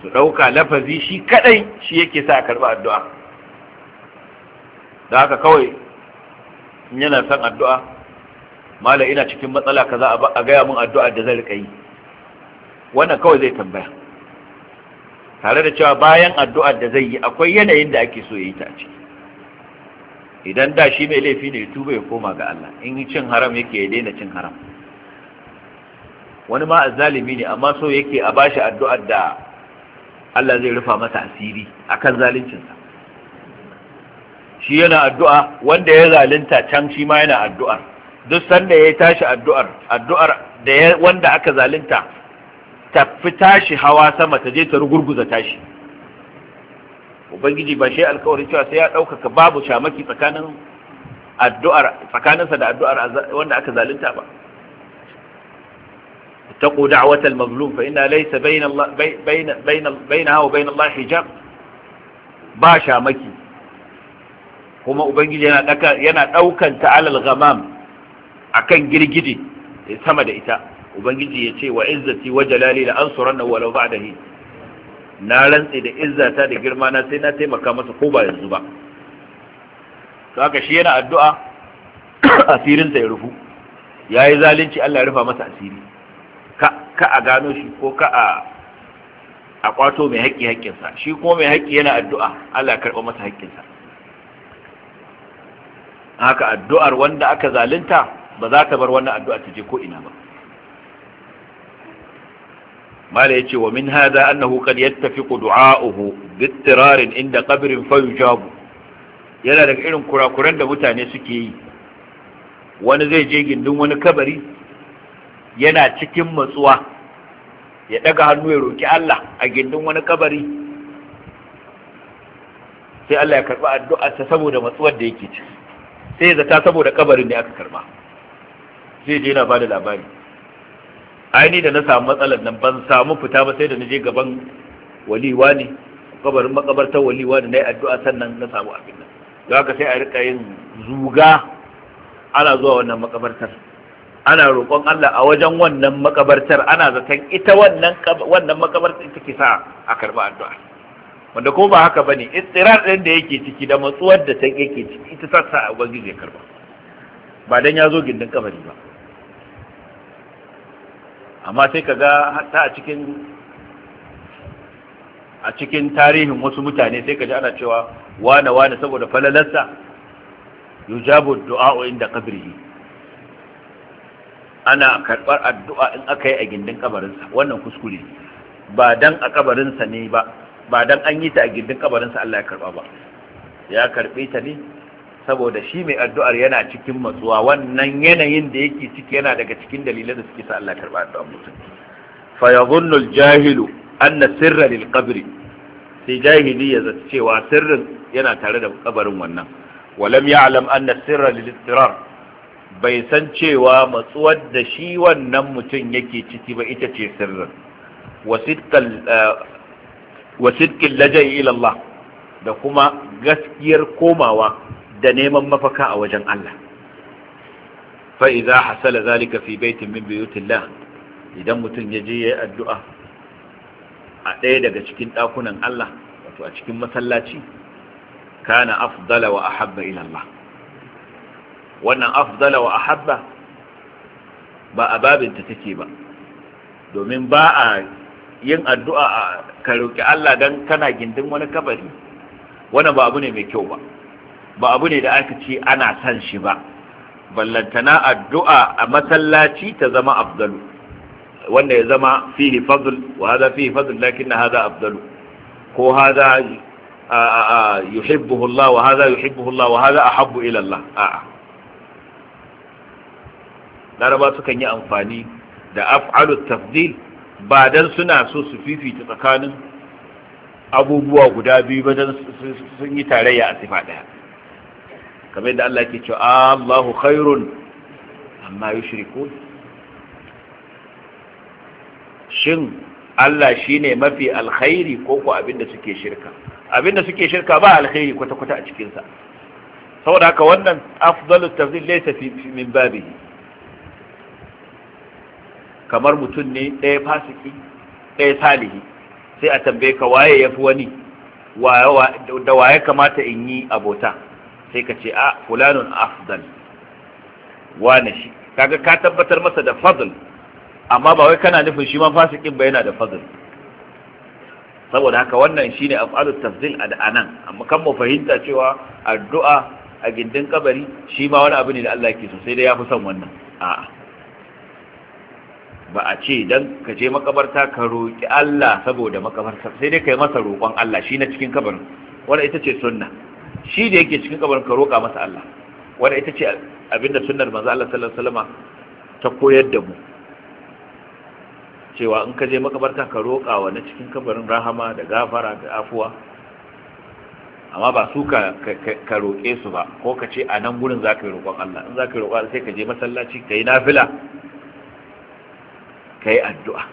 su ɗauka lafazi shi kaɗai shi yake sa a karɓi addu'a da haka kawai in yana son addu'a mala ina cikin matsala ka za a gaya mun addu'a da zai riƙa yi wannan kawai zai tambaya tare da cewa bayan addu'ar da zai yi akwai yanayin da ake so ya yi ta ciki idan da shi mai laifi ne ya tuba ya koma ga Allah in cin haram yake ya daina cin haram wani ma zalimi ne amma so yake a bashi addu'ar da Allah zai rufa masa asiri akan zalincinsa. shi yana addu'a wanda ya zalunta can shi ma yana addu'ar duk sanda ya tashi addu'ar addu'ar da ya wanda aka zalunta ta fi tashi hawa sama ta je ta rugurguza tashi ubangiji ba shi alkawarin cewa sai ya ɗaukaka babu shamaki tsakanin addu'ar tsakaninsa da addu'ar wanda aka zalunta ba اتقوا دعوة المظلوم فإنها ليس بين الله بين بين بينها وبين الله حجاب باشا مكي kuma ubangiji yana ɗaukan yana daukan ta ghamam akan girgije sama da ita ubangiji yace wa izzati wa jalali la ansuranna wa law ba'dahi na rantsi da izzata da girma na sai na taimaka masa ko ba yanzu ba to haka shi yana addu'a asirin sa ya rufu yayi zalunci Allah ya rufa masa asiri ka a gano shi ko ka a kwato mai haƙƙi haƙƙinsa shi kuma mai haƙƙi yana addu'a Allah ya karɓa masa haƙƙinsa haka addu'ar wanda aka zalunta ba za ta bar wannan addu'a ta je ko ina ba mala yace wa min hada annahu qad yattafiqu du'a'uhu bittirarin inda qabrin yujabu yana daga irin kurakuran da mutane suke yi wani zai je gindin wani kabari yana cikin matsuwa ya daga hannu ya roƙi Allah a gindin wani kabari sai Allah ya karba addu'arsa saboda matsuwar da yake ciki sai zata saboda kabarin ne aka karba sai je na bada labari aini da na samu matsalar nan ban samu fita ba sai da na je gaban waliwa ne kabarin makabartar waliwa da na yi addu'a sannan na samu abin nan da haka sai a rika yin zuga ana zuwa wannan makabartar ana roƙon Allah a wajen wannan makabartar ana zaton ita wannan wannan makabartar ita ke sa a karba addu'a wanda ko ba haka bane istirar din da yake ciki da matsuwar da ta yake ciki ita ta sa ubangiji ya karba ba dan ya zo gindin kabari ba amma sai kaga hatta a cikin a cikin tarihin wasu mutane sai kaji ana cewa wane wane saboda falalarsa yujabu du'a inda qabrihi ana karɓar addu'a in aka yi a gindin kabarinsa wannan kuskure ba dan a kabarinsa ne ba ba dan an yi ta a gindin kabarinsa Allah ya karɓa ba ya karɓe ta ne saboda shi mai addu'ar yana cikin matsuwa wannan yanayin da yake ciki yana daga cikin dalilan da suke sa Allah ya karɓa addu'ar mutum fa yadhunnu al-jahilu anna sirra lil qabri sai jahili ya zata cewa sirrin yana tare da kabarin wannan walam ya'lam anna sirra lil istirar bai san cewa matsuwar da shi wannan mutum yake ciki ba ita ce sirrin wasidkin eh, lajai ilallah da kuma gaskiyar komawa da neman mafaka a wajen Allah fa'iza hasala zalika fi baitin min biyutillah idan mutum ya je ya yi addu'a a ɗaya daga cikin ɗakunan Allah wato a cikin masallaci kana afdala wa ahabba ilallah wannan afdala wa ahabba ba a babinta take ba domin ba a yin addu'a ka roƙi Allah don kana gindin wani kabari wannan ba abu ne mai kyau ba ba abu ne da aka ce ana san shi ba ballantana addu'a a masallaci ta zama afdalu wanda ya zama fihi fadl wa hada fihi fadl na hada afdalu ko hada yuhibbuhu Allah wa haza yuhibbuhu Allah wa haza ahabbu ila Allah a'a laraba sukan yi amfani da af'alu tafdil ba dan suna so su fifita tsakanin abubuwa guda biyu ba dan sun yi tarayya a sifa daya kamar yadda Allah ke cewa Allahu khairun amma yushrikun shin Allah shine mafi alkhairi ko ko abinda suke shirka abinda suke shirka ba alkhairi kwata-kwata a cikinsa saboda haka wannan afdalu tafdil laysa fi min babihi kamar mutum ne ɗaya fasiki ɗaya salihi sai a tambaye ka waye ya fi wani da waye kamata in yi abota sai ka ce a fulanun afdal wane shi kaga ka tabbatar masa da fadl amma ba wai kana nufin shi ma fasikin ba yana da fadl saboda haka wannan shine af'alu tafzil a anan amma kan mu fahimta cewa addu'a a gindin kabari shi ma wani abu ne da Allah yake so sai dai ya fi son wannan a'a ba a ce dan ka je makabarta ka roƙi Allah saboda makabarta sai dai kai masa roƙon Allah shi na cikin kabarin wanda ita ce sunna shi da yake cikin kabarin ka roƙa masa Allah wanda ita ce abinda sunnar manzo Allah sallallahu alaihi wasallam ta koyar da mu cewa in ka je makabarta ka roƙa wa na cikin kabarin rahama da gafara da afuwa amma ba su ka ka roƙe su ba ko ka ce a nan gurin za ka yi roƙon Allah in za ka yi roƙon Allah sai ka je masallaci ka yi nafila ka yi addu'a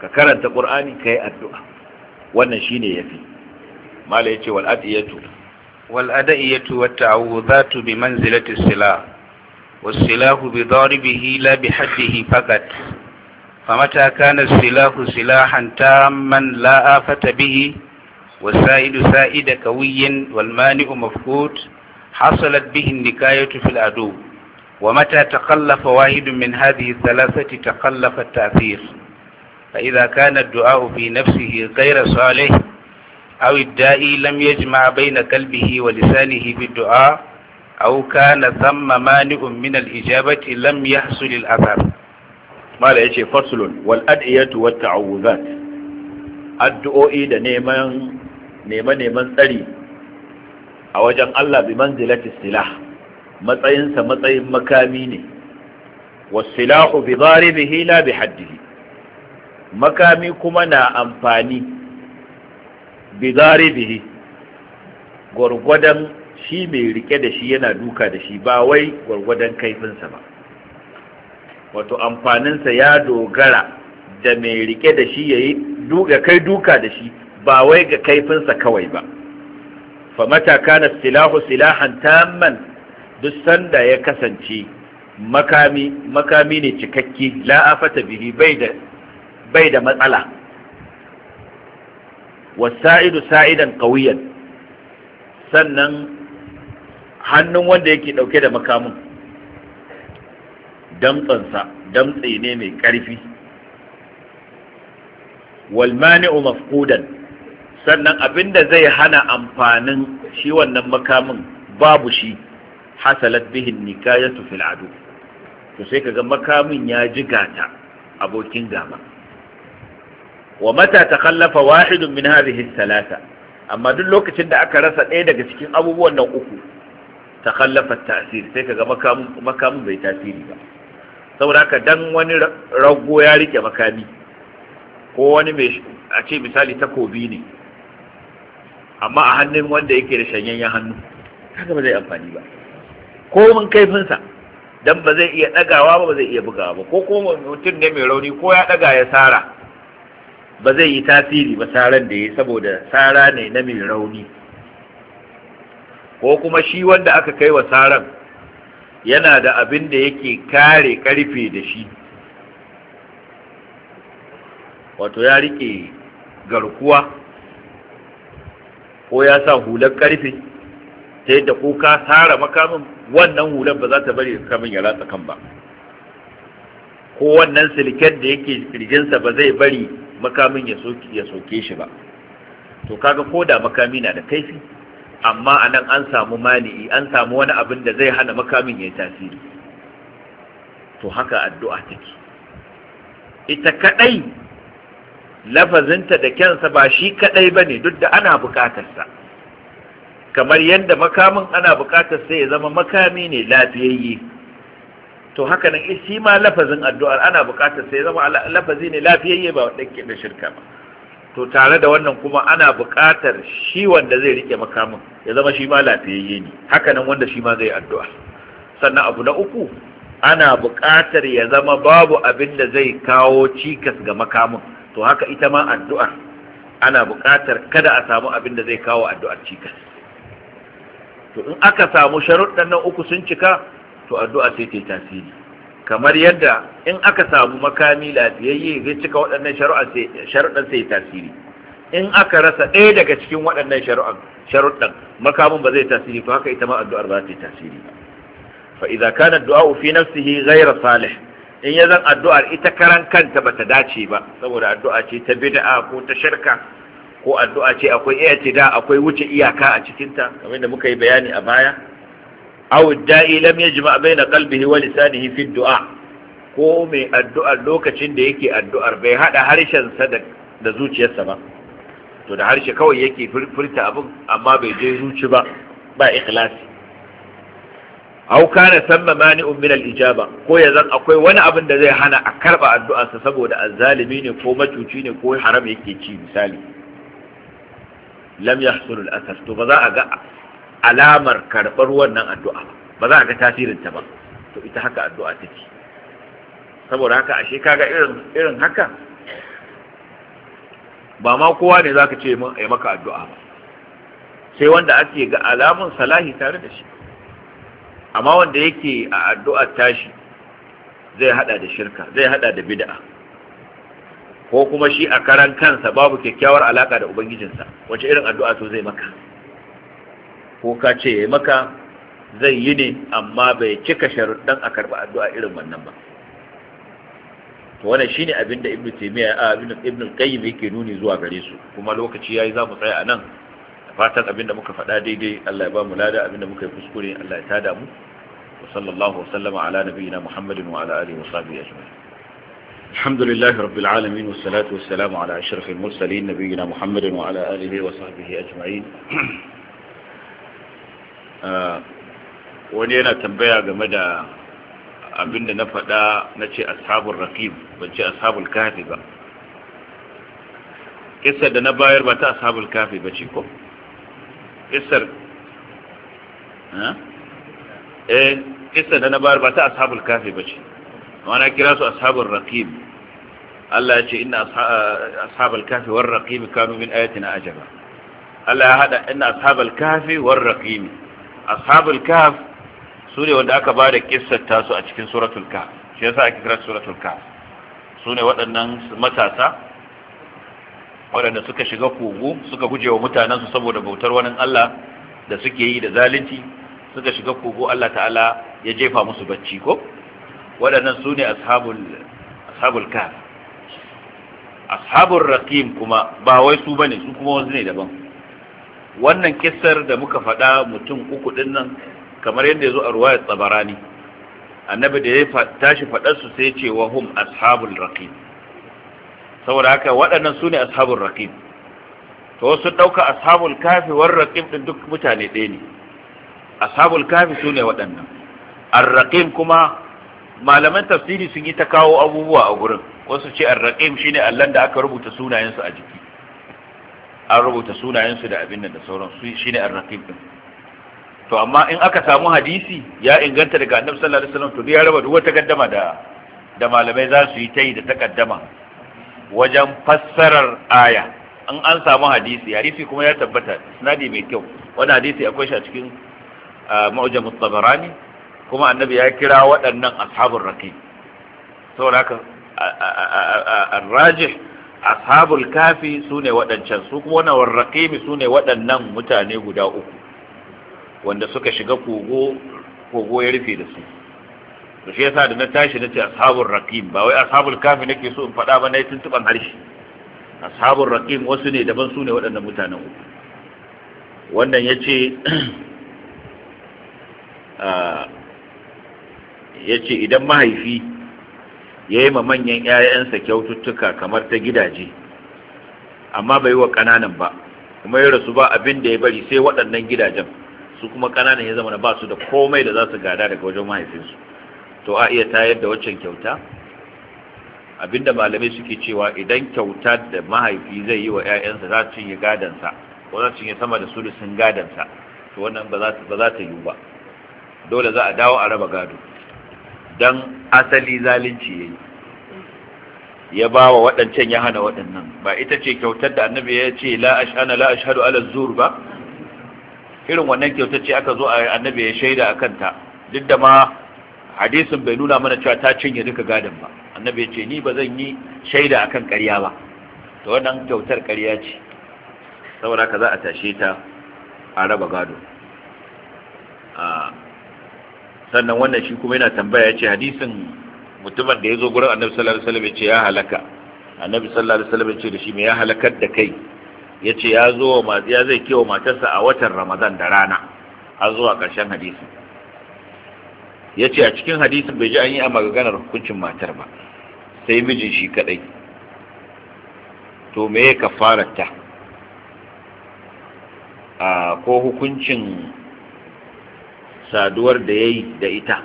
ka karanta ƙur'ani ka yi addu'a wannan shi ne ya fi mala ya ce wal'adiyyatu wal'adiyyatu wata awu za tu bi manzilati sila silahu bi daribihi la bi haddihi fakat famata kana silahu silahan tamman la afata bihi sa’ida سائد كوي والمانع مفقود hasalat به nikayatu fil adu ومتى تقلف واحد من هذه الثلاثة تقلف التأثير فإذا كان الدعاء في نفسه غير صالح أو الدائي لم يجمع بين قلبه ولسانه في الدعاء أو كان ثم مانع من الإجابة لم يحصل الأثر ما لا يشي فصل والأدعية والتعوذات الدعوء da neman neman tsari a wajen Allah bi manzilati silah matsayinsa matsayin makami ne wasilahu bi zaribihi la bi haddihi makami kuma na amfani bi bihi gwargwadon shi mai rike da shi yana duka da shi ba wai gwargwadon kaifinsa ba wato amfaninsa ya dogara da mai rike da shi ya yi duka kai duka da shi ba wai ga kaifinsa kawai ba mata kana silahu silahan tamman duk sanda ya kasance makami makami ne cikakke la afata bihi bai da bai da matsala wasa'idu sa'idan qawiyan sannan hannun wanda yake dauke da makamin damtsansa damtse ne mai karfi wal mani'u mafqudan sannan abinda zai hana amfanin shi wannan makamin babu shi hasalat bihin nikayatu fil adu to sai kaga makamin ya jigata abokin gaba wa mata ta wahidun min hadhihi thalatha amma duk lokacin da aka rasa ɗaya daga cikin abubuwan nan uku kallafa tasir sai kaga makamin makamin bai tasiri ba saboda haka dan wani rago ya rike makami ko wani mai a ce misali takobi ne amma a hannun wanda yake da shanyayyen hannu kaga ba zai amfani ba komin kaifinsa dan ba zai iya ɗagawa ba ba zai iya bugawa ba ko kuma mutum ne mai rauni ko ya ɗaga ya sara ba zai yi tasiri ba saran da ya saboda sara ne na mai rauni ko kuma shi wanda aka kai wa saran yana da abin da yake kare karfe da shi wato ya rike garkuwa ko ya sa hular karfe ta yadda ko ka sara makamin wannan hular ba za ta bari makamin ya ratsa kan ba ko wannan silikar da yake kirjinsa ba zai bari makamin ya soke shi ba to kaga ko da makami na da kaifi amma a nan an samu mali'i an samu wani abin da zai hana makamin ya tasiri to haka addu'a take ita kadai lafazinta da kyansa ba shi kadai bane duk da ana bukatarsa kamar yadda makamin ana buƙatar sai ya zama makami ne lafiyayye to haka nan eh, shi ma lafazin addu'ar ana buƙatar sai ya zama lafazi ne lafiyayye ba wanda ke da shirka ba to tare da wannan kuma ana bukatar shi wanda zai rike makamin ya zama shi ma lafiyayye ne haka nan wanda shi ma zai addu'a sannan abu na uku ana bukatar ya zama babu abin da zai kawo cikas ga makamin to haka ita ma addu'a ana bukatar kada a samu abin da zai kawo addu'ar cikas to in aka samu sharuɗan nan uku sun cika to addu'a sai ta tasiri kamar yadda in aka samu makami lafiyayye zai cika waɗannan sharuɗan sai tasiri in aka rasa ɗaya daga cikin waɗannan sharuɗan makamin ba zai tasiri to haka ita ma addu'ar ba ta tasiri fa idza kana addu'a fi nafsihi ghayra salih in ya zan addu'ar ita karan kanta bata dace ba saboda addu'a ce ta bid'a ko ta shirka ko addu'a ce akwai i'tida akwai wuce iyaka a cikin ta kamar da muka yi bayani a baya aw da'i lam yajma' baina qalbihi wa lisanihi fi du'a ko mai addu'ar lokacin da yake addu'ar bai hada harshen sa da zuciyarsa ba to da harshe kawai yake furta abin amma bai je zuci ba ba ikhlasi aw kana samma mani min al-ijaba ko yanzu akwai wani abin da zai hana a karba addu'arsa saboda azzalimi ne ko macuci ne ko haram yake ci misali lam ya hasulul asar to ba za a ga alamar karbar wannan addu'a ba za a ga tasirin ta ba to ita haka addu'a take saboda haka ashe kaga irin irin haka ba ma kowa ne zaka ce mun ai maka addu'a ba sai wanda ake ga alamun salahi tare da shi amma wanda yake a addu'ar tashi zai hada da shirka zai hada da bid'a ko kuma shi a karan kansa babu kyakkyawar alaka da ubangijinsa wace irin addu'a to zai maka ko ka ce ya maka zai yi ne amma bai cika sharuɗan a karɓi addu'a irin wannan ba to wannan shine abin da ibnu taymiya a ibnu ibnu qayyim yake nuni zuwa gare su kuma lokaci yayi za mu tsaya a nan fatan abin muka faɗa daidai Allah ya ba mu lada abinda muka yi kuskure Allah ya tada mu wa sallallahu wa sallama ala nabiyyina Muhammadin wa ala alihi wa sahbihi ajma'in الحمد لله رب العالمين والصلاة والسلام على أشرف المرسلين نبينا محمد وعلى آله وصحبه أجمعين وانينا تنبيع بمدى أبن نفدا نشي أصحاب الرقيب ونشي أصحاب الكاذبة كسر نباير بتا أصحاب الكافي بشيكم كسر ها إيه كسر نباير بتا أصحاب الكافي بشيكم wana kira su ashabul raqib Allah ya ce inna ashabal kafi war raqib kanu min ayatina ajaba Allah ya hada ina ashabal kafi war raqib ashabul kaf su ne wanda aka ba da kissar su a cikin suratul kaf shi yasa ake kira suratul kaf su ne waɗannan matasa waɗanda suka shiga kogo suka gujewa mutanensu saboda bautar wani Allah da suke yi da zalunci suka shiga kogo Allah ta'ala ya jefa musu bacci ko waɗannan su ne ashabul kahf ashabul rakim kuma ba wai su bane su kuma wasu ne daban wannan kissar da muka faɗa mutum uku din nan kamar yadda ya zo a ruwayar tsabarani annabi da ya tashi faɗarsu sai ce wa hum ashabul rakim. saboda haka waɗannan su ne ashabul rakim. to wasu ɗauka ashabul kafi war raqim ɗin duk mutane ɗaya ne ashabul kafi su ne waɗannan ar-raqim kuma malaman tafsiri sun yi ta kawo abubuwa a gurin wasu ce arraqim shine allan da aka rubuta sunayensu a jiki an rubuta sunayensu da abin da sauran su shine arraqim din to amma in aka samu hadisi ya inganta daga annabi sallallahu alaihi wasallam to ya raba duk wata gaddama da da malamai za su yi ta yi da takaddama wajen fassarar aya in an samu hadisi hadisi kuma ya tabbata sanadi mai kyau wani hadisi akwai shi a cikin ah, mu'jam at-tabarani kuma annabi ya kira waɗannan ashabul raqib saboda haka arrajih ashabul kafi su ne waɗancan su kuma wannan su ne waɗannan mutane guda uku wanda suka shiga kogo kogo ya rufe da su to shi yasa da na tashi na ce ashabul rakim ba wai ashabul kafi nake so in faɗa ba na yi tuntuɓan harshe ashabul rakim wasu ne daban su ne waɗannan mutanen uku wannan ya ce ya ce idan mahaifi ya yi ma manyan 'ya'yansa kyaututtuka kamar ta gidaje amma bai wa ƙananan ba kuma ya rasu ba abin da ya bari sai waɗannan gidajen su kuma ƙananan ya zama ba su da komai da za su gada daga wajen mahaifinsu to a iya tayar da waccan kyauta abinda malamai suke cewa idan kyauta da mahaifi zai yi wa 'ya'yansa za su cinye gadansa ko za su cinye sama da sulusin gadansa to wannan ba za ta yiwu ba dole za a dawo a raba gado don asali zalunci ya yi ya ba wa waɗancan ya hana waɗannan ba ita ce kyautar da annabi ya ce la'ashana la'ashadu ala zur ba irin wannan kyautar ce aka zo a annabi ya shaida a kanta duk da ma hadisin bai nuna mana cewa ta cinye duka gadon ba annabi ya ce ni ba zan yi shaida akan ƙarya ba to wannan kyautar ƙarya ce saboda ka za a tashe ta a raba gado ah, sannan wannan shi kuma yana tambaya ya ce hadisin mutumin da ya zo gurin annabi sallallahu alaihi wasallam ya ce ya halaka annabi sallallahu alaihi wasallam ya ce da shi me ya halakar da kai ya ce ya zo ma ya zai kewa matarsa a watan ramadan da rana har zuwa ƙarshen hadisin ya ce a cikin hadisin bai ji an yi a maganar hukuncin matar ba sai mijin shi kadai to me ya kafararta ko hukuncin saduwar da ya yi da ita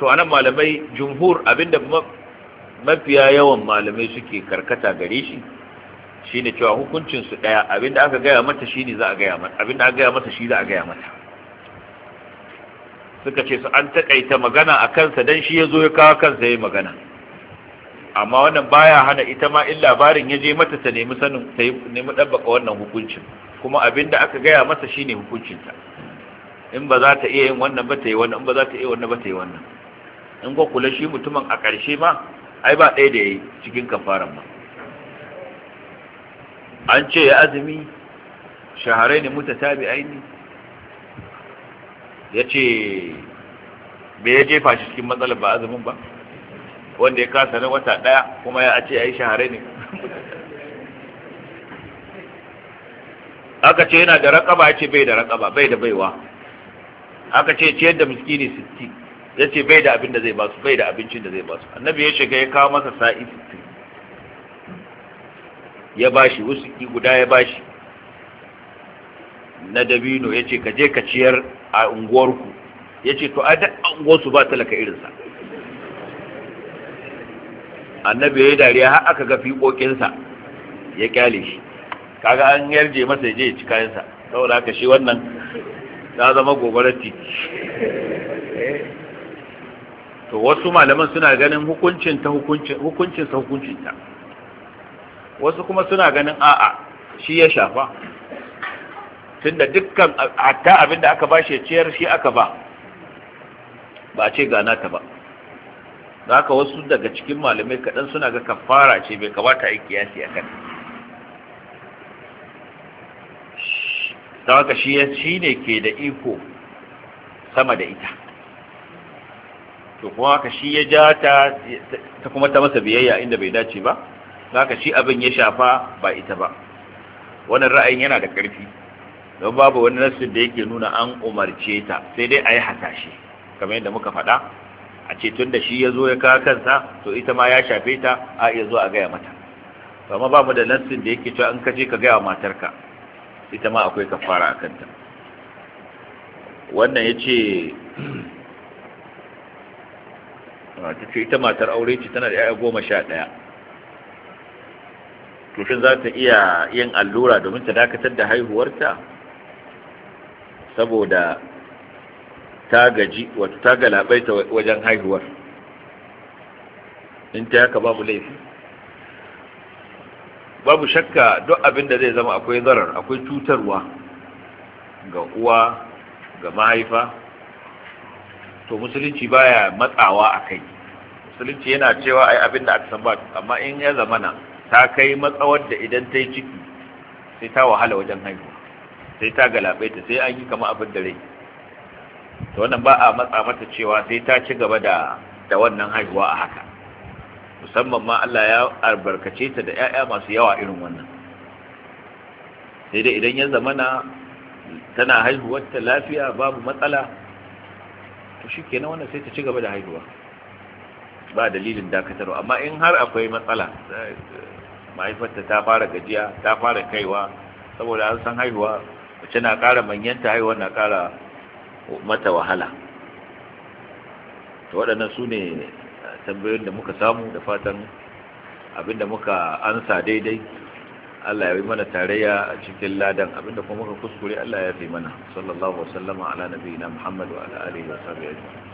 to anan malamai jumhur abinda mafiya yawan malamai suke karkata gare shi shine cewa hukuncin su daya abinda aka gaya mata shine za a gaya mata abinda aka gaya mata shi za a gaya mata suka ce su an takaita magana a kansa dan shi ya zo ya kawo kansa ya yi magana amma wannan baya hana ita ma in labarin ya je mata ta nemi sanin ta nemi dabbaka wannan hukuncin kuma abinda aka gaya mata shine hukuncinta in ba za ta iya yin wannan ba ta yi wannan in ba za ta iya wannan ba ta yi wannan in ko kula shi mutumin a ƙarshe ma ai ba ɗaya da ya yi cikin kafaran ba an ce ya azumi shaharai ne muta tabi aini ya ce bai ya jefa shi cikin matsalar ba azumin ba wanda ya kasa na wata ɗaya kuma ya ce ya yi shaharai ne aka ce yana da raƙaba ya ce bai da raƙaba bai da baiwa aka ce ciyar da miskini sitti ya ce bai da abin da zai basu bai da abincin da zai basu annabi ya shiga ya kawo masa sa'i sitti ya bashi wasu ki guda ya bashi na dabino ya ce ka je ka ciyar a unguwarku ya ce to a da unguwarsu ba talaka irinsa annabi ya yi dariya har aka ga fiƙoƙinsa ya kyale shi kaga an yarje masa ya je ya ci kayansa saboda haka shi wannan ta zama gobarar titi to wasu malaman suna ganin hukuncin ta hukuncin sa hukuncin ta wasu kuma suna ganin a'a shi ya shafa tunda dukkan hatta abin da aka ba shi ciyar shi aka ba ba ce gana ta ba da haka wasu daga cikin malamai kaɗan suna ga kafara ce bai kamata a yi kiyasi a kan don haka shi ne ke da iko sama da ita to kuma haka shi ya ja ta ta kuma ta masa biyayya inda bai dace ba don haka shi abin ya shafa ba ita ba wannan ra'ayin yana da ƙarfi don babu wani nassin da yake nuna an umarce ta sai dai a yi hasashe kamar yadda muka faɗa a ce tun da shi ya zo ya ka kansa to ita ma ya shafe ta a iya zo a gaya mata amma ba mu da nassin da yake cewa an kaje ka gaya wa matarka ita ma akwai kafara a kanta wannan ya ce ah, ta ce ita matar aure ce tana da yaya goma sha ɗaya tushen za ta iya yin allura domin ta dakatar da haihuwarta saboda ta gaji wata ta galabaita wajen haihuwar in ta yaka babu laifi babu shakka duk abin da zai zama akwai zarar akwai cutarwa ga uwa ga mahaifa to musulunci baya matsawa a kai musulunci yana cewa ai abin da aka san ba amma in ya zamana ta kai matsawar da idan ta yi ciki sai ta wahala wajen haihuwa sai ta ta sai an yi kama abin da rai to wannan ba a matsa mata cewa sai ta ci gaba da wannan haihuwa a haka musamman ma Allah ya albarkace ta da 'ya'ya masu yawa irin wannan sai dai idan ya zamana tana haihuwar ta lafiya babu matsala to shi kenan wannan sai ta ci gaba da haihuwa ba dalilin dakatarwa amma in har akwai matsala mahaifarta ta fara gajiya ta fara kaiwa saboda an san haihuwa wacce na ƙara manyanta haihuwa na kara mata wahala to waɗannan su ne tambayoyin da muka samu da fatan abinda muka ansa daidai Allah ya yi mana tarayya a cikin ladan abin da kuma muka kuskure Allah ya fi mana sallallahu wasallama ala nabiyina Muhammad wa ala alihi wa sahbihi